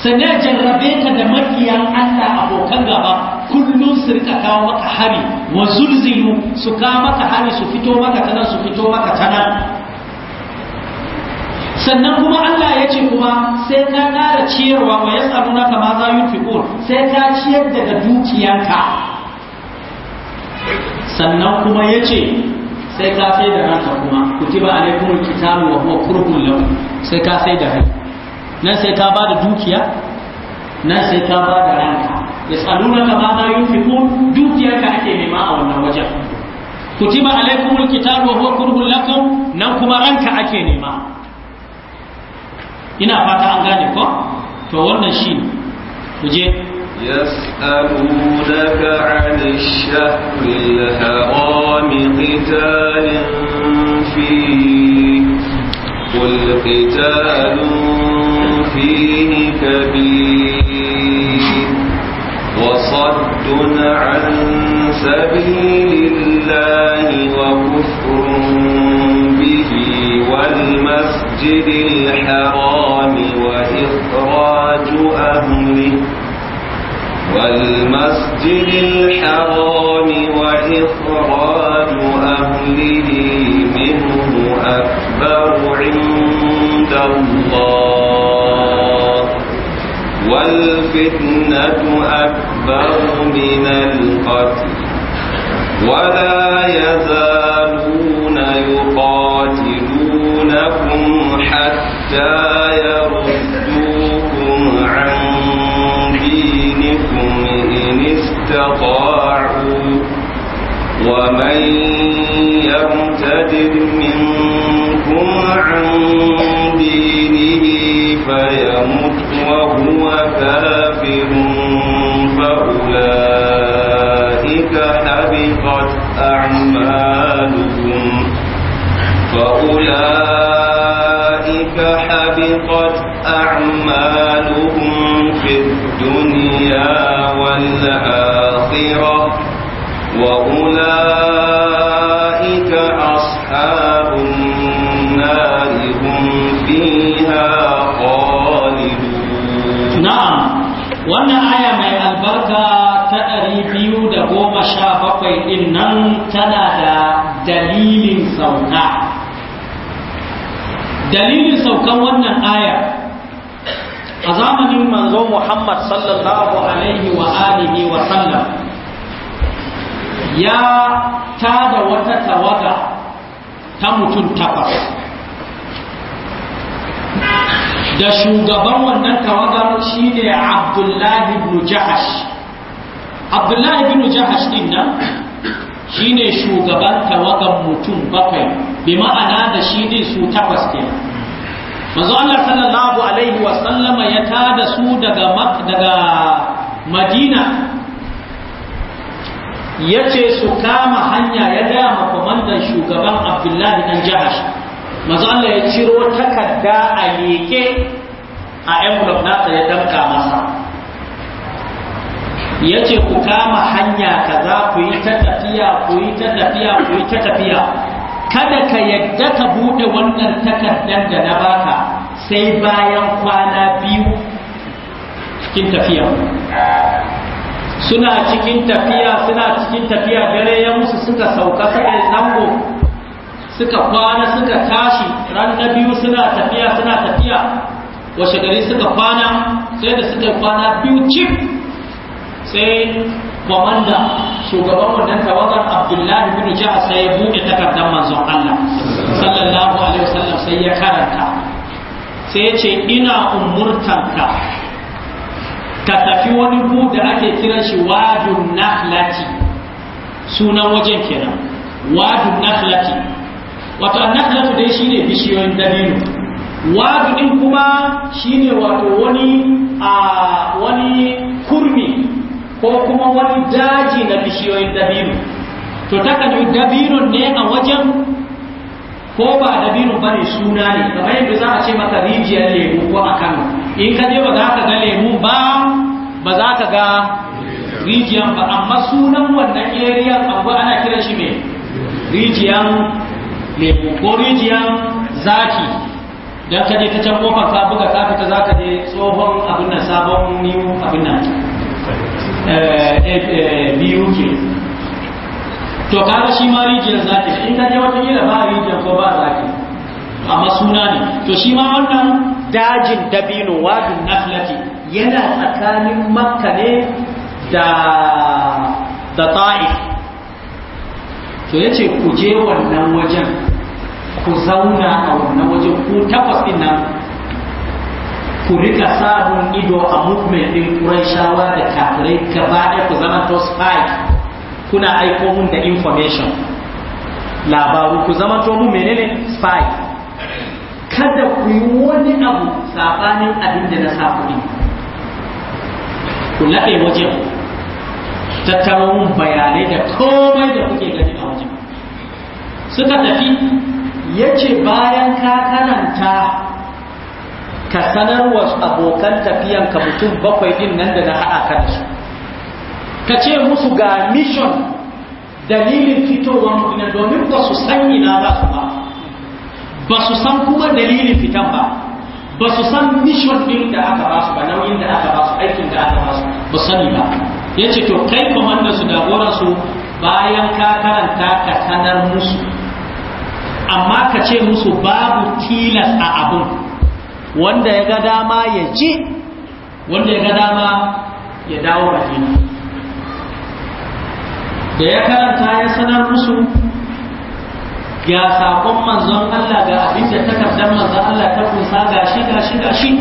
sannan ya jarrabe ka da makiyan Allah abokan gaba kullum su rika kawo maka hari wa zulzilu su kawo maka hari su fito maka tana su fito maka tana. sannan kuma Allah ya ce kuma sai ka ƙara ciyarwa wa ya tsaro na kama za yi sai ka ciyar daga dukiyanka sannan kuma ya ce sai ka sai da ranka kuma kutiba alaikum alqitalu wa huwa kurhun lahu sai ka sai da rai nan sai ka ba da dukiya nan sai ka ba da ranka ka ma za yunfiqun ka ake nema a wannan wajen kutiba alaikum alqitalu wa huwa kurhun lakum nan kuma ranka ake nema ina fata an gane ko to wannan shi kuje je يسألونك عن الشهر الهرام قتال فيه قل قتال فيه كبير وصد عن سبيل الله وكفر به والمسجد الحرام وإخراج أهله والمسجد الحرام وإخراج أهله منه أكبر عند الله والفتنة أكبر من القتل ولا يزالون يقاتلونكم حتى يردوكم عن عليكم إن استطاعوا ومن يرتد منكم عن دينه فيمت وهو كافر فأولئك حبطت أعمالهم فأولئك حبطت أعمالهم والآخرة وأولئك أصحاب النار هم فيها خالدون نعم وانا آية من البركة تأريبي دقو مشافق إن تلد دليل صونا دليل صوكا وانا آية آية a zamanin manzo Muhammad sallallahu alaihi wa alihi wa sallam ya tada wata tawaga ta mutum takwas da shugaban wannan tawagar ne Abdullahi ibn Jahash Abdullahi ibn Jahash din nan ne shugaban tawagar mutum bakwai bi ma'ana da shi ne su takwas kenan manzo Allah sallallahu alaihi wa sallama ya tada su daga daga Madina yace su kama hanya ya gaya ma komandan shugaban Abdullahi dan Jahash manzo Allah ya ciro takarda a yeke a envelope nasa ya danka masa yace ku kama hanya kaza ku yi ta tafiya ku yi ta tafiya ku yi ta tafiya kada ka yadda ka bude wannan takardar da na baka sai bayan kwana biyu cikin tafiya suna cikin tafiya suna cikin tafiya dare ya musu suka sauka suka yi zango suka kwana suka tashi ran na biyu suna tafiya suna tafiya washe gari suka kwana sai da suka kwana biyu cif sai kwamanda shugaban wannan tawagar abdullahi bin jihar sai ya buɗe takardar manzon Allah sallallahu alaihi wasallam sai ya karanta sai ya ce ina umurtanka ka tafi wani gu da ake kiran shi wadun nahlati sunan wajen kenan wadun nahlati wato nahlatu dai shine bishiyoyin dabino wadu din kuma shine wato wani a wani kurmi ko kuma wani daji na bishiyoyin dabino to takan yi dabiru ne a wajen ko ba dabiru ba ne suna ne kamar yadda za a ce maka rijiyar lemu ko a kano in ka je ba za ka ga lemu ba ba za ka ga rijiyar ba amma sunan wannan area abu ana kira shi mai rijiyar lemu ko rijiyar zaki Dan ka je ta can kofar ka buga ka fita za ka je tsohon abin nan sabon new abin nan Eh, eh, eh, biyu ke to kada shi ma rijiyar zaki in ka je wata gida ba rijiyar ko ba zaki amma suna ne to shi ma wannan dajin dabino wadin naflati yana tsakanin makka ne da da ta'if to yace ku je wannan wajen ku zauna a wannan wajen ku takwas ku rika sabon ido a ɗin din shawa da kafirai ba ɗaya ku zama to spy kuna aiko mun da information labaru ku zama to mu menene spy kada ku yi wani abu sabanin abin da na sa kuɗi ku laɓe wajen tattara mun bayanai da komai da kuke gani a wajen suka tafi yace bayan ka karanta ka sanar wa abokan tafiyan ka mutum bakwai din nan da na haɗa ka da su ka ce musu ga mission dalilin fitowar mutum domin ba su san ina za su ba ba su san kuma dalilin fitan ba ba su san mission din da aka ba su ba nauyin da aka ba su aikin da aka ba su ba sani ba ya ce to kai wanda su jagoran su bayan ka karanta ka sanar musu amma ka ce musu babu tilas a abun wanda ya ga dama ya ji wanda ya ga dama ya dawo a jini, da ya karanta ya sanar musu ya saƙon manzon Allah ga abin da takardar manzon Allah ta kunsa gashi gashi gashi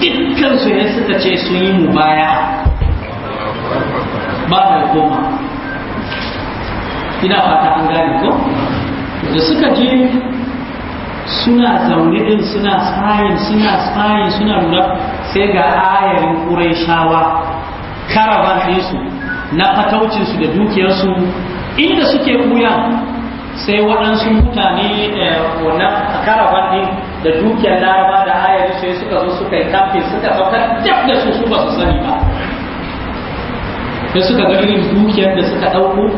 dukkansu ya suka ce sun yi mu baya ba da koma ina fata an gane ko da suka je suna zaune din suna tsayin suna tsayin suna lura sai ga ayarin ƙurayshawa karaban su, na fataucinsu da dukiyarsu inda suke buya sai waɗansu mutane eh, wannan karaban ɗin da dukiyar laraba da ayari sai suka zo suka yi kafe suka saukar duk da su su ba su sani ba sai suka ga irin dukiyar da suka ɗauko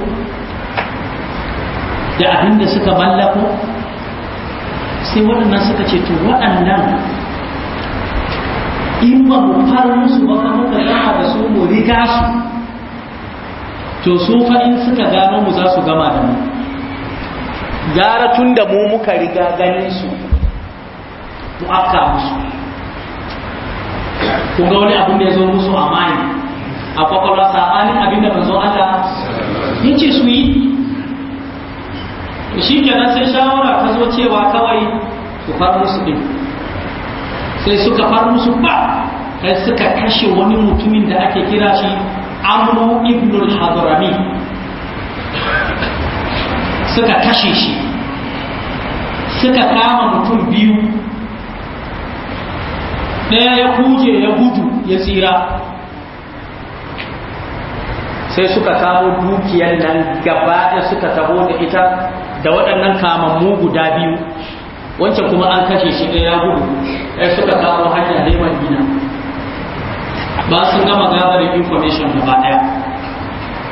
da abin da suka mallako sai waɗannan suka ce to waɗannan in ba mu fara musu ba fa muka gama da su mu riga su to su fa suka gano mu za su gama da mu gara tun da mu muka riga ganin su mu aka musu kun wani abin da ya zo musu amani a kwakwalwa sa'anin abin da zo Allah ya ce su yi to shi kenan sai shawara ta zo cewa kawai su far musu ɗin sai suka far musu ba sai suka kashe wani mutumin da ake kira shi amru ibnul hadrami suka kashe shi suka kama mutum biyu ɗaya ya kuje ya gudu ya tsira sai suka kawo dukiyar nan gaba da suka tabo da ita da waɗannan kamammu guda biyu wancan kuma an kashe shi ɗaya gudu ɗaya suka kawo hanya neman gina ba su gama gabarin information gaba ɗaya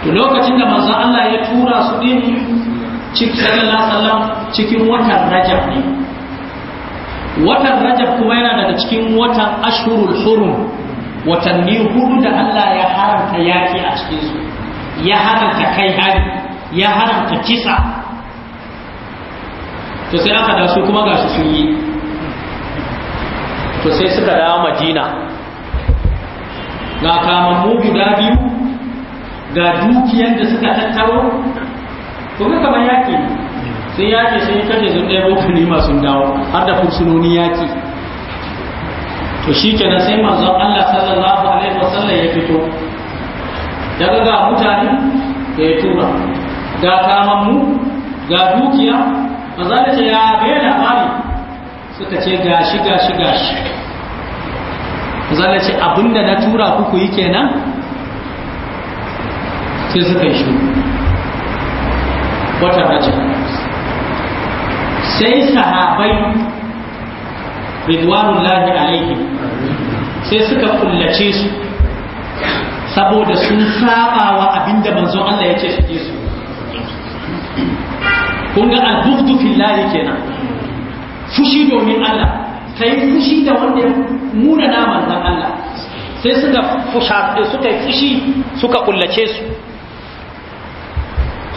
to lokacin da manzon Allah ya tura su ɗin cikin sallallahu sallam cikin watan rajab ne watan rajab kuma yana daga cikin watan ashurul hurum watanni hudu da Allah ya haramta yaki a cikinsu ya haramta kai hari ya haramta kisa to sai aka da su kuma ga su sun yi to sai suka dawo madina ga kamammu guda biyu ga dukiyar da suka tattaro to ga kamar yaƙi sai yaƙi sai ya kaje sun ɗaya boko ne masu dawo har da fursunoni yaƙi to shi na sai manzon Allah sallallahu alaihi wasallam ya fito daga ga mutane da ya tura ga kamammu ga dukiya maza da ce ya bai labari suka ce gashi gashi gashi maza da ce abinda na tura kuku yi kenan sai suka yi shuru wata rajab sai sahabai lahi alaihi sai suka kullace su saboda sun saba wa abinda manzon Allah ya ce su kun ga al fillahi kenan fushi domin Allah kai fushi da wanda ya muna naman dan Allah sai suka fusha suka fushi suka kullace su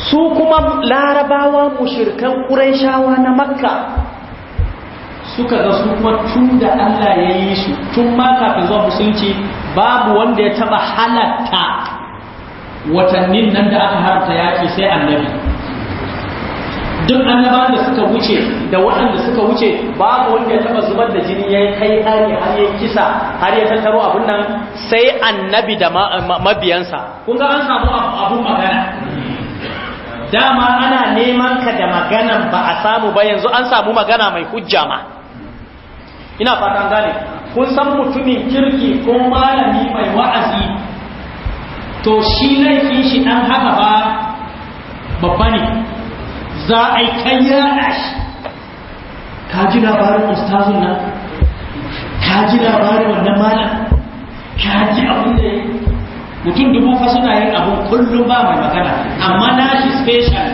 su kuma larabawa mushirkan ƙuraishawa na makka suka ga su kuma tun da Allah ya yi su tun ma kafin zuwa musulunci babu wanda ya taba halatta watannin nan da aka harta yaƙi sai annabi duk annabawan da suka wuce da waɗanda suka wuce babu wanda ya taba zubar da jini ya kai hari har ya kisa har ya tattaro abun nan sai annabi da mabiyansa kun ga an samu abun magana dama ana neman ka da maganan ba a samu ba yanzu an samu magana mai hujja ma ina fatan gane kun san mutumin kirki ko malami mai wa'azi to shi laifin shi dan haka ba babba ne za a yi ta yaɗa shi ka ji labarin ustazun nan ka ji labarin wannan malam ka ji abin da mutum dubu fa suna yin abin kullum ba mai magana amma shi special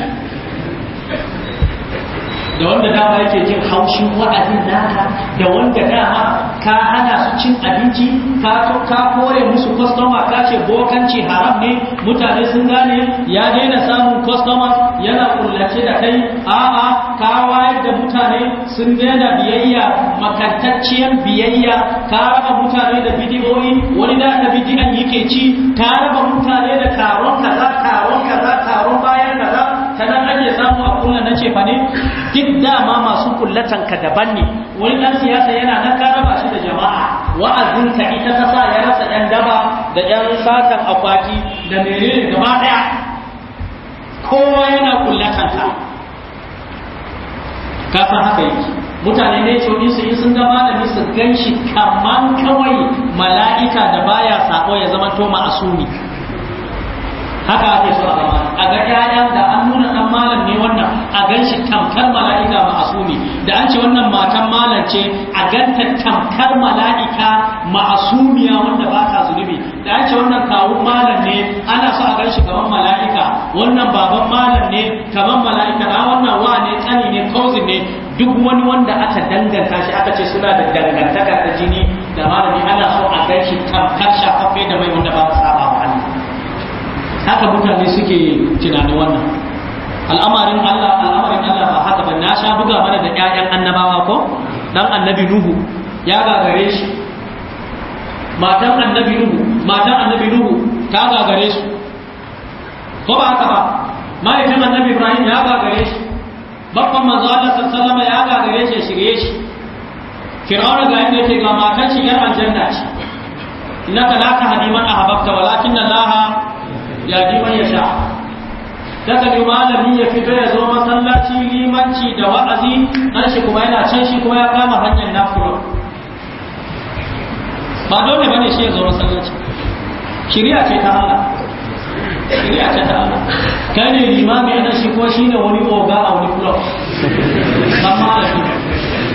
da wanda dama yake jin haushin wa'azin naka da wanda dama ka hana su cin abinci ka kore musu kwastoma ka ce bokanci haram ne mutane sun gane ya daina samun kwastoma yana kullace da kai a'a ka wayar da mutane sun daina biyayya makantacciyar biyayya ka raba mutane da bidiyoyi wani da aka bidiyan yake ci ta raba mutane da taron kaza taron kaza taron bayan kaza ta ake samu a kunna na fa ne duk dama masu kullatan ka daban ne wani dan siyasa yana nan ka raba shi da jama'a wa'azinta ita ta sa ya rasa dan daba da yan satan akwati da menene gaba daya kowa yana kullatan ka san haka yake mutane ne ce su yi sun ga malami su gan shi kaman kawai mala'ika da baya sako ya zama to ma'asumi haka ake so a zama a ga 'ya'yan da an nuna kasance a ganta tamkar mala'ika ma'asumiya wanda ba ta zunubi da ya wannan kawun malam ne ana so a ganshi kamar mala'ika wannan baban malam ne kamar mala'ika na wannan wa ne tsani ne cousin ne duk wani wanda aka danganta shi aka ce suna da dangantaka ta jini da malami ana so a ganshi tamkar shafaffe da mai wanda ba ta saba wa Allah haka mutane suke tunanin wannan al'amarin Allah al'amarin Allah ba haka ba na sha buga mana da 'ya'yan annabawa ko dan annabi nuhu ya gagare shi matan annabi nuhu matan annabi nuhu ta gagare su ko ba haka ba mahaifin annabi ibrahim ya gagare shi babban manzo Allah sallallahu alaihi ya gagare shi shige shi firawun ga yadda yake ga matan shi yar aljanna ce innaka la tahdi man ahbabta walakin Allah yahdi man yasha daga ne malami ya fito ya zo masallaci limanci da wa'azi dan shi kuma yana can shi kuma ya kama hanyar nafuro ba dole bane shi ya zo masallaci Shirya ce ta Allah shiriya ce ta Allah kai ne limami yana shi ko shi ne wani oga a wani kula amma malami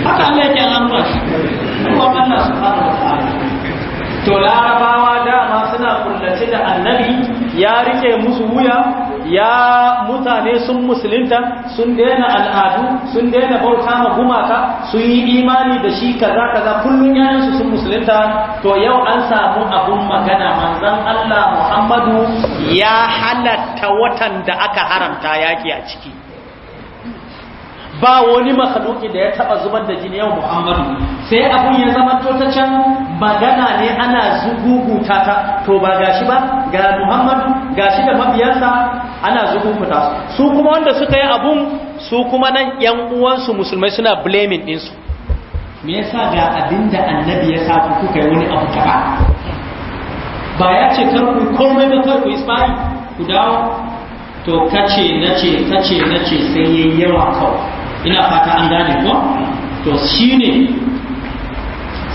haka Allah yake al'amura shi kuma Allah subhanahu wa ta'ala to larabawa dama suna kullace da annabi ya rike musu wuya ya mutane sun musulunta sun daina al'adu sun daina bauta ma gumaka sun yi imani da shi kaza kaza kullun su sun musulunta to yau an samu abun magana manzon Allah Muhammadu ya halatta watan da aka haramta yaki a ciki ba wani makhluki da ya taba zubar da jini yau Muhammadu sai abun ya zama to ta can magana ne ana zuguguta ta to ba gashi ba ga Muhammadu gashi da mabiyansa ana zuguguta su kuma wanda suka yi abun su kuma nan yan uwansu musulmai suna blaming din su me yasa ga abinda annabi ya sa ku kai wani abu kaza ba ya ce kar ku komai ba kai ku isfari ku dawo to kace nace kace nace sai yayi yawa kawai ina fata an gane ko to shine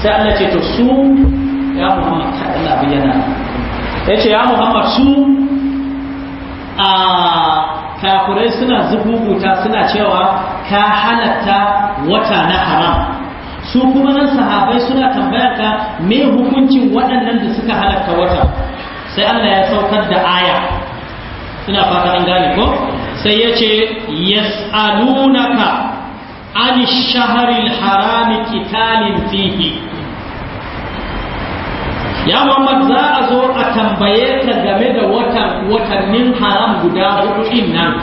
sai Allah ce to su ya Muhammad ta ina bayyana ce ya Muhammad su a kafirai suna zubuguta suna cewa ka halatta wata na haram su kuma nan sahabai suna tambayar ka me hukuncin waɗannan da suka halatta wata sai Allah ya saukar da aya ina fata an gane ko sai ya ce yas'alunaka an shaharil harami kitalin fihi ya muhammad za a zo a tambaye ka game da watannin haram guda hudu din nan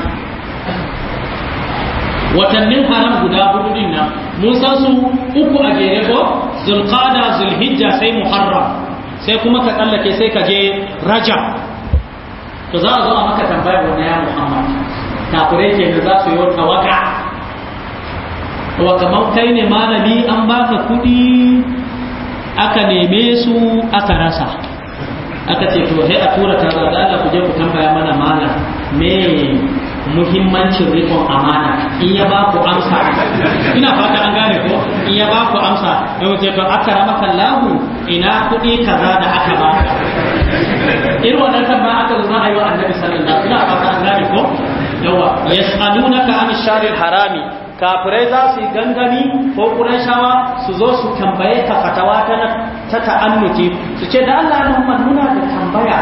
watannin haram guda hudu din nan mun su uku a gere ko zulqada zulhijja sai muharram sai kuma ka tsallake sai ka je rajab to za a zo a maka wa na ya muhammad kafirai ke da za su yi wata waka wa kamar kai ne malami an ka kuɗi aka neme su aka rasa aka ce to sai a tura ta za a ku je ku tambaya mana mana me muhimmancin rikon amana in ya ba ku amsa ina fata an gane ko in ya ba ku amsa da wuce to aka rama kallahu ina kuɗi kaza da aka ba irin wannan kan ma aka zama wa annabi sallallahu alaihi wasallam ina ba ko yawa yas'alunaka an sharil harami kafirai za su yi gangami ko ƙurashawa su zo su tambaye ka fatawa ta ta'annuki su ce da Allah Muhammad muna da tambaya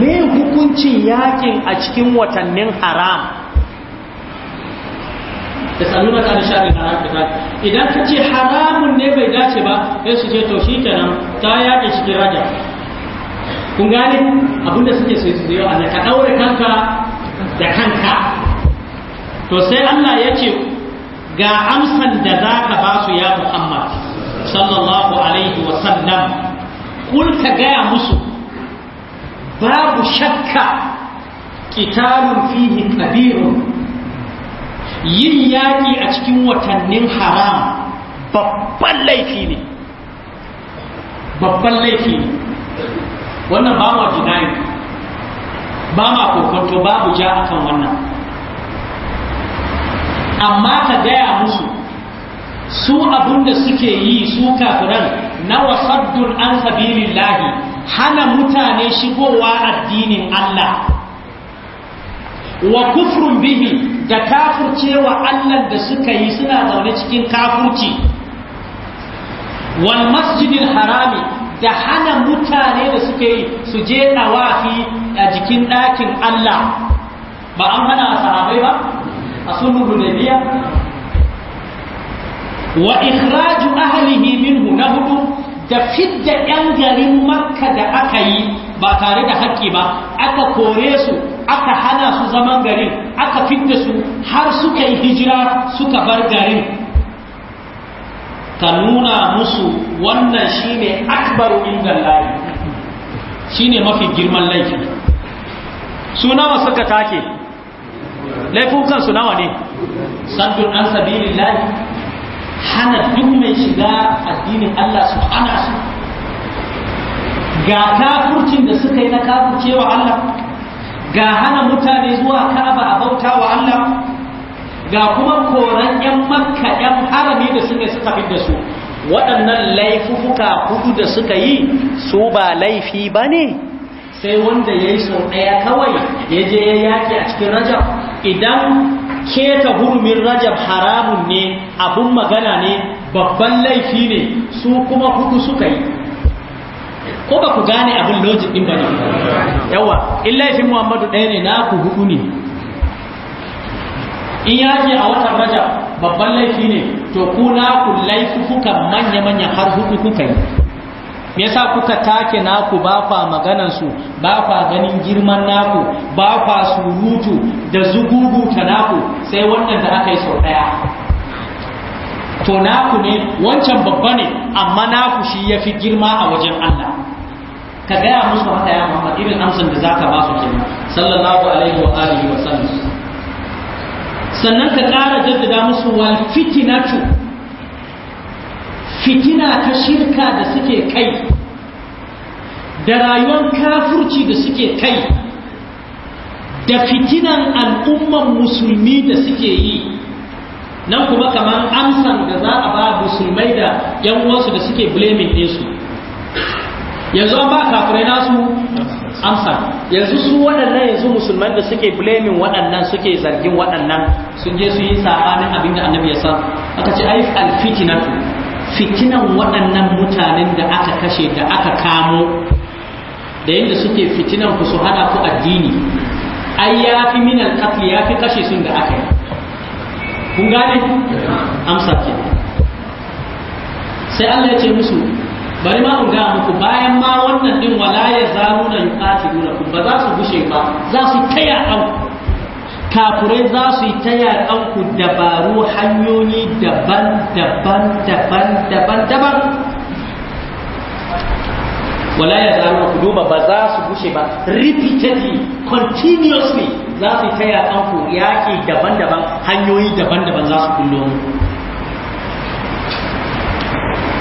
me hukuncin yakin a cikin watannin haram da sanuna ta shari na Afirka idan ka ce haramun ne bai dace ba sai su je to shi kenan ta yaƙi shi raja kun gane abinda suke so su yi Allah ka daure kanka da kanka to sai Allah ya ce ga amsan da za ka ba su ya Muhammad sallallahu alaihi wa sallam kul ka gaya musu babu shakka kitabun fihi kabirun yin yaƙi a cikin watannin haram babban laifi ne babban laifi ne wannan ba ma denying ba ma kokonto babu ja akan wannan amma ka gaya musu su abinda suke yi su kafiran na wasaddun an lahi? hana mutane shigowa addinin Allah wa kufrun bihi da kafurcewa Allah da suka yi suna zaune cikin kafurci wal masjidil harami da hana mutane da suka yi su je nawafi a jikin ɗakin Allah ba an hana a sahabai ba a sulhu hudaybiya wa ikhraju ahlihi minhu na hudu da fidda yan garin makka da aka yi ba tare da haƙƙi ba aka kore su aka hana su zaman garin aka fidda su har suka yi hijira suka bar garin ka nuna musu wannan shine akbaru inda shi shine mafi girman laifi suna nawa suka take laifukan su nawa ne saddun an sabili lahi hana duk mai shiga addinin Allah su ana su ga kafurcin da suka yi na kafurcewa Allah ga hana mutane zuwa kaba a bauta wa Allah ga kuma koran 'yan makka 'yan harami da suke suka fi da su waɗannan laifuka hudu da suka yi su ba laifi ba ne sai wanda ya yi sau ɗaya kawai ya je ya yaƙi a cikin rajab idan keta hurumin rajab haramun ne abun magana ne babban laifi ne su kuma hudu suka yi ko ba ku gane abin lojin ɗin ba ne yawa in laifin muhammadu ɗaya ne na ku hudu ne in ce a watan raja, babban laifi ne to kuna ku kuka manya-manya har hudu kuka yi me yasa kuka take naku ba kwa maganan su ba kwa ganin girman naku ba kwa surutu da zugubuta naku sai wannan da aka yi sau daya to naku ne wancan babba ne amma naku shi yafi girma a wajen Allah ka gaya musu haka ya Muhammad irin amsan da zaka ba su kenan sallallahu alaihi wa alihi wa sannan ka ƙara jaddada musu wal fitinatu fitina ta shirka da suke kai da rayuwar kafurci da suke kai da fitinan al'umman musulmi da suke yi nan kuma kamar amsan da za a ba musulmai da 'yan uwansu da suke ne su, yanzu an ba kafirai nasu amsa yanzu su waɗannan yanzu musulman da suke blaming waɗannan suke zargin waɗannan sun je su yi sabanin abin da annabi ya san aka ce ai alfitina fitinan waɗannan mutanen da aka kashe da aka kamo da yadda suke fitinan ku su hada ku addini ai ya fi minan katli ya fi kashe sun da aka yi kun gane amsa ke sai Allah ya ce musu bari ma in gaya muku bayan ma wannan din wala ya zaru na yuqatiluna ku ba za su gushe ba za su taya an kafurai za su yi taya an ku dabaru hanyoyi daban daban daban daban daban wala ya zaru ku duba ba za su gushe ba repeatedly continuously za su taya an ku yaki daban daban hanyoyi daban daban za su kullo mu.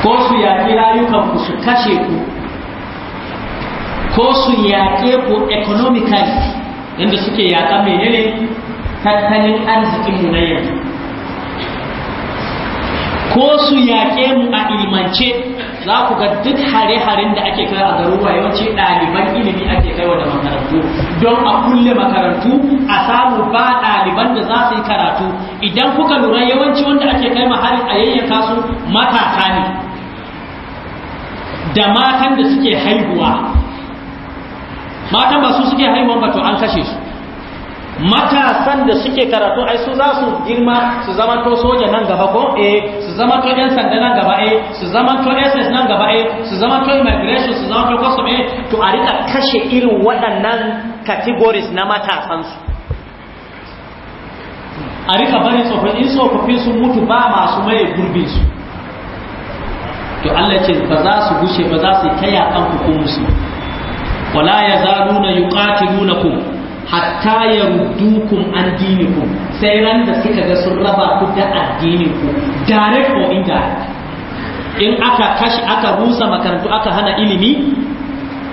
ko su yaƙi rayukanku su kashe ku ko su yaƙe ku economically yadda suke yaƙa menene tattalin arzikinmu na yanzu ko su yaƙe mu a ilmance za ku ga duk hare-haren da ake kai a garuruwa yawanci ɗaliban ilimi ake kai wa da makarantu don a kulle makarantu a samu ba ɗaliban da za su yi karatu idan kuka lura yawanci wanda ake kai ma harin a yayyaka su matasa ne da matan da suke haihuwa matan ba su suke haihuwa ba to an kashe su matasan da suke karatu ai su za su girma su zama to soja nan gaba ko eh su zama to yan sanda nan gaba eh su zama to SS nan gaba eh su zama to immigration su zama to custom eh to a rika kashe irin waɗannan categories na matasan su a rika barin tsofaffin tsofaffin su mutu ba masu maye gurbin su to Allah ce ba za su gushe ba za su ta yaƙan ku kun musu wala ya zaluna yuqatilunakum hatta yardukum an dinikum sai ran da suka ga sun raba ku da addininku. direct or indirect in aka kashi aka rusa makarantu aka hana ilimi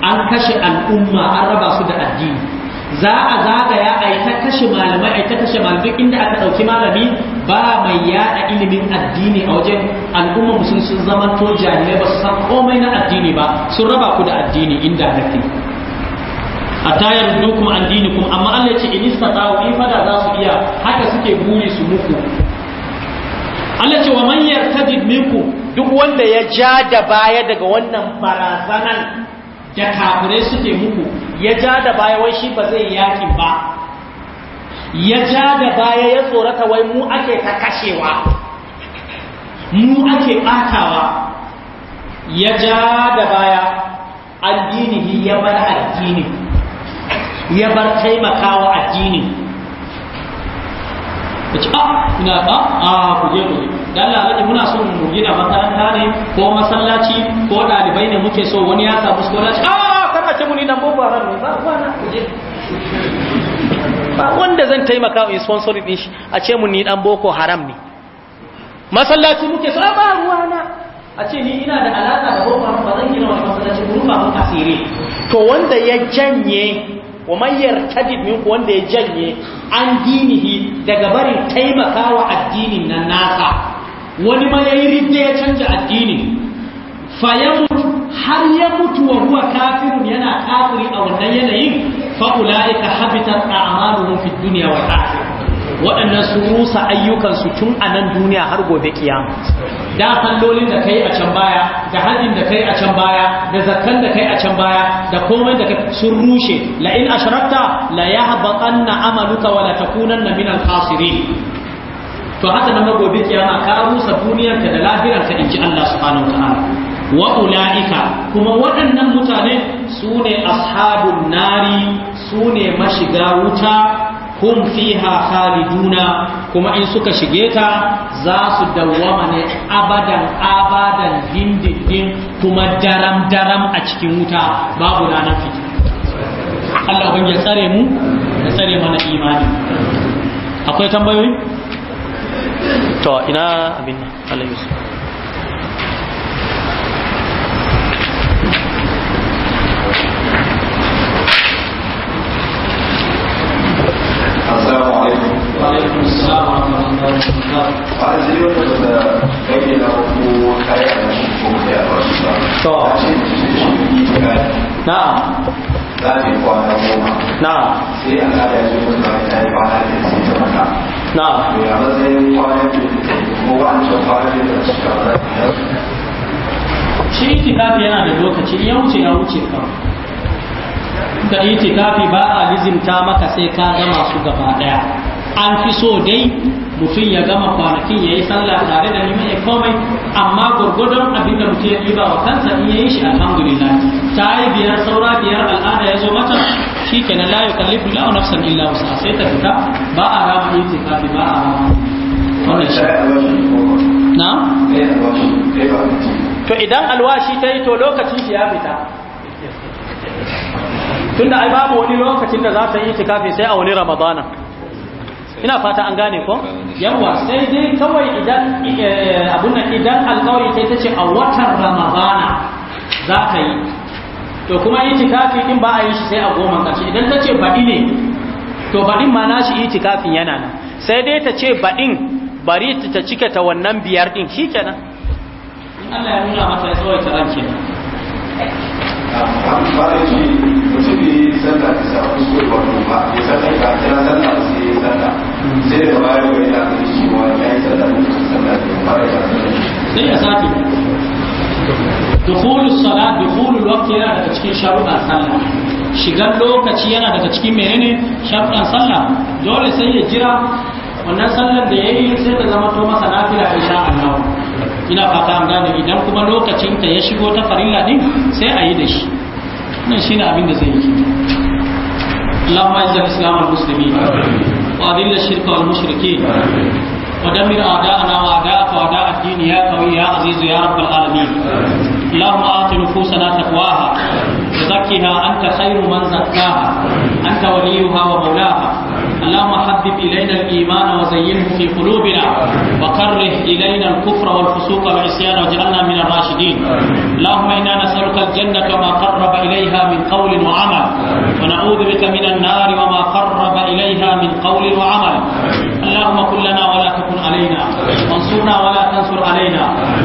an kashe al'umma an raba su da addini za a zagaya a ta kashe malamai a ta kashe malamai inda aka ɗauki malami ba mai yaɗa ilimin addini a wajen al'umma musulmi sun zama to jami'ai ba su san komai na addini ba sun raba ku da addini inda nafi a tayar dukkan addini kuma amma Allah ce in ta in fada za su iya haka suke buri su muku Allah ce wa man yartajid minku duk wanda ya ja da baya daga wannan barazanan da kafirai suke muku ya ja da baya wai shi ba zai yaki ba ya ja da baya ya tsorata wai mu ake ta kashewa mu ake ɓatawa ya ja da baya addinihi ya bar addini ya bar taimakawa addini ah, ina ah, ku je ku je dalla alaji muna son mu gina makaranta ne ko masallaci ko dalibai ne muke so wani ya samu scholarship ah kana ce muni nan boko ran ne ba na kuje ba wanda zan taimaka in sponsor din shi a ce mu ni dan boko haram ne masallaci muke so ba ruwana a ce ni ina da alaka da boko haram ba zan gina wa masallaci mu ba mu asiri to wanda ya janye wa mayar tadid min wanda ya janye an dinihi daga barin taimakawa addinin nan nasa wani ma ya yi ridda ya canja addini fa ya mutu har ya mutu wa huwa kafirun yana kafiri a wannan yanayin fa ulaika habitat a'maluhum fid dunya wal akhirah waɗannan su rusa ayyukansu tun a nan duniya har gobe kiyama da fallolin da kai a can baya da hajjin da kai a can baya da zakkan da kai a can baya da komai da kai sun rushe la in ashrakta la yahbatanna amaluka wa la takunanna minal khasirin to haka nan gobe kiyama ka rusa duniyarka da lafiyarka in ji Allah subhanahu wataala wa ulaika kuma waɗannan mutane su ne ashabun nari su ne mashiga wuta hum fiha khaliduna kuma in suka shige ta za su dawwama ne abadan abadan dindindin kuma daram daram a cikin wuta babu ranar fita Allah ubangiji ya tsare mu ya tsare mana imani akwai tambayoyi to ina abin alaihi Assalamu alaikum. Wa alaikum assalam wa rahmatullahi wa barakatuh. Ba zai wata da bayyana ko kayan da shi ko da ba. To. Na ce ne yi Na. Sai an kada ya zo da kayan da ya fara da su ta maka. na itikafi yana da lokaci ya wuce ya wuce kawai da itikafi ba a lizinta maka sai ka gama su gaba daya an fi so dai mutum ya gama kwanakin ya yi sallah tare da neman ya komai amma gwargwadon abin da mutum ya yi wa kansa in ya yi shi alhamdulillah ta yi biyar saura biyar al'ada ya zo mata shi kenan la kula la nafsan illa wusa sai ta fita ba a rama yin tikafi ba a rama wannan shi na to idan alwashi ta yi to lokacin shi ya fita tunda ai babu wani lokacin da za ta yi tikafi sai a wani ramadana ina fata an gane ko yawa sai dai kawai idan eh, abun nan idan alƙawari ta ce a watan ramadana za ta yi to kuma itikafi din ba a yi shi sai a goma karshe idan ta ce baɗi ne to baɗin ma na nashi itikafin yana nan sai dai ta ce baɗin bari ta cike ta wannan biyar ɗin shi kenan in Allah ya nuna masa ya tsawaita ran kenan mutum ne sanda ta sa kuskure ba ba ya sanda ka kira sanda ba sai ya sanda sai da bayan wani da aka yi shi wa ya yi sanda mutum sanda da ya fara ya sanda sai ya sake dukhulus salat dukhulul waqti yana daga cikin sharuɗan sallah shigar lokaci yana daga cikin menene sharuɗan sallah dole sai ya jira wannan sallar da yayi sai ta zama to masa nafila insha Allah ina fata an gane idan kuma lokacin ta ya shigo ta farilla din sai a yi da shi wannan shine abin da zai yi اللهم اعز الاسلام والمسلمين shirka الشرك والمشركين ودمر أعداءنا وأعداءك وأعداء الدين يا قوي يا عزيز يا رب العالمين اللهم آت نفوسنا تقواها وزكها أنت خير من زكاها أنت وليها ومولاها اللهم حبب إلينا الإيمان وزينه في قلوبنا وكره إلينا الكفر والفسوق والعصيان واجعلنا من الراشدين اللهم إنا نسألك الجنة وما قرب إليها من قول وعمل ونعوذ بك من النار وما قرب إليها من قول وعمل اللهم كن لنا ولا تكن علينا وانصرنا ولا تنصر علينا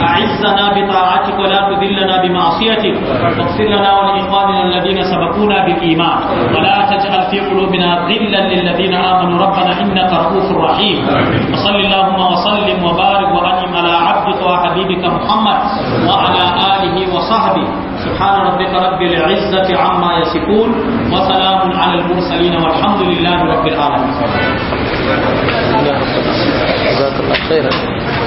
أعزنا بطاعتك ولا تذلنا بمعصيتك واغفر لنا ولإخواننا الذين سبقونا بالإيمان ولا تجعل في قلوبنا غلا للذين آمنوا ربنا إنك رؤوف رحيم وصل اللهم وسلم وبارك وأنعم على عبدك وحبيبك محمد وعلى آله وصحبه سبحان ربك رب العزة عما يصفون وسلام على المرسلين والحمد لله رب العالمين جزاك الله خيرا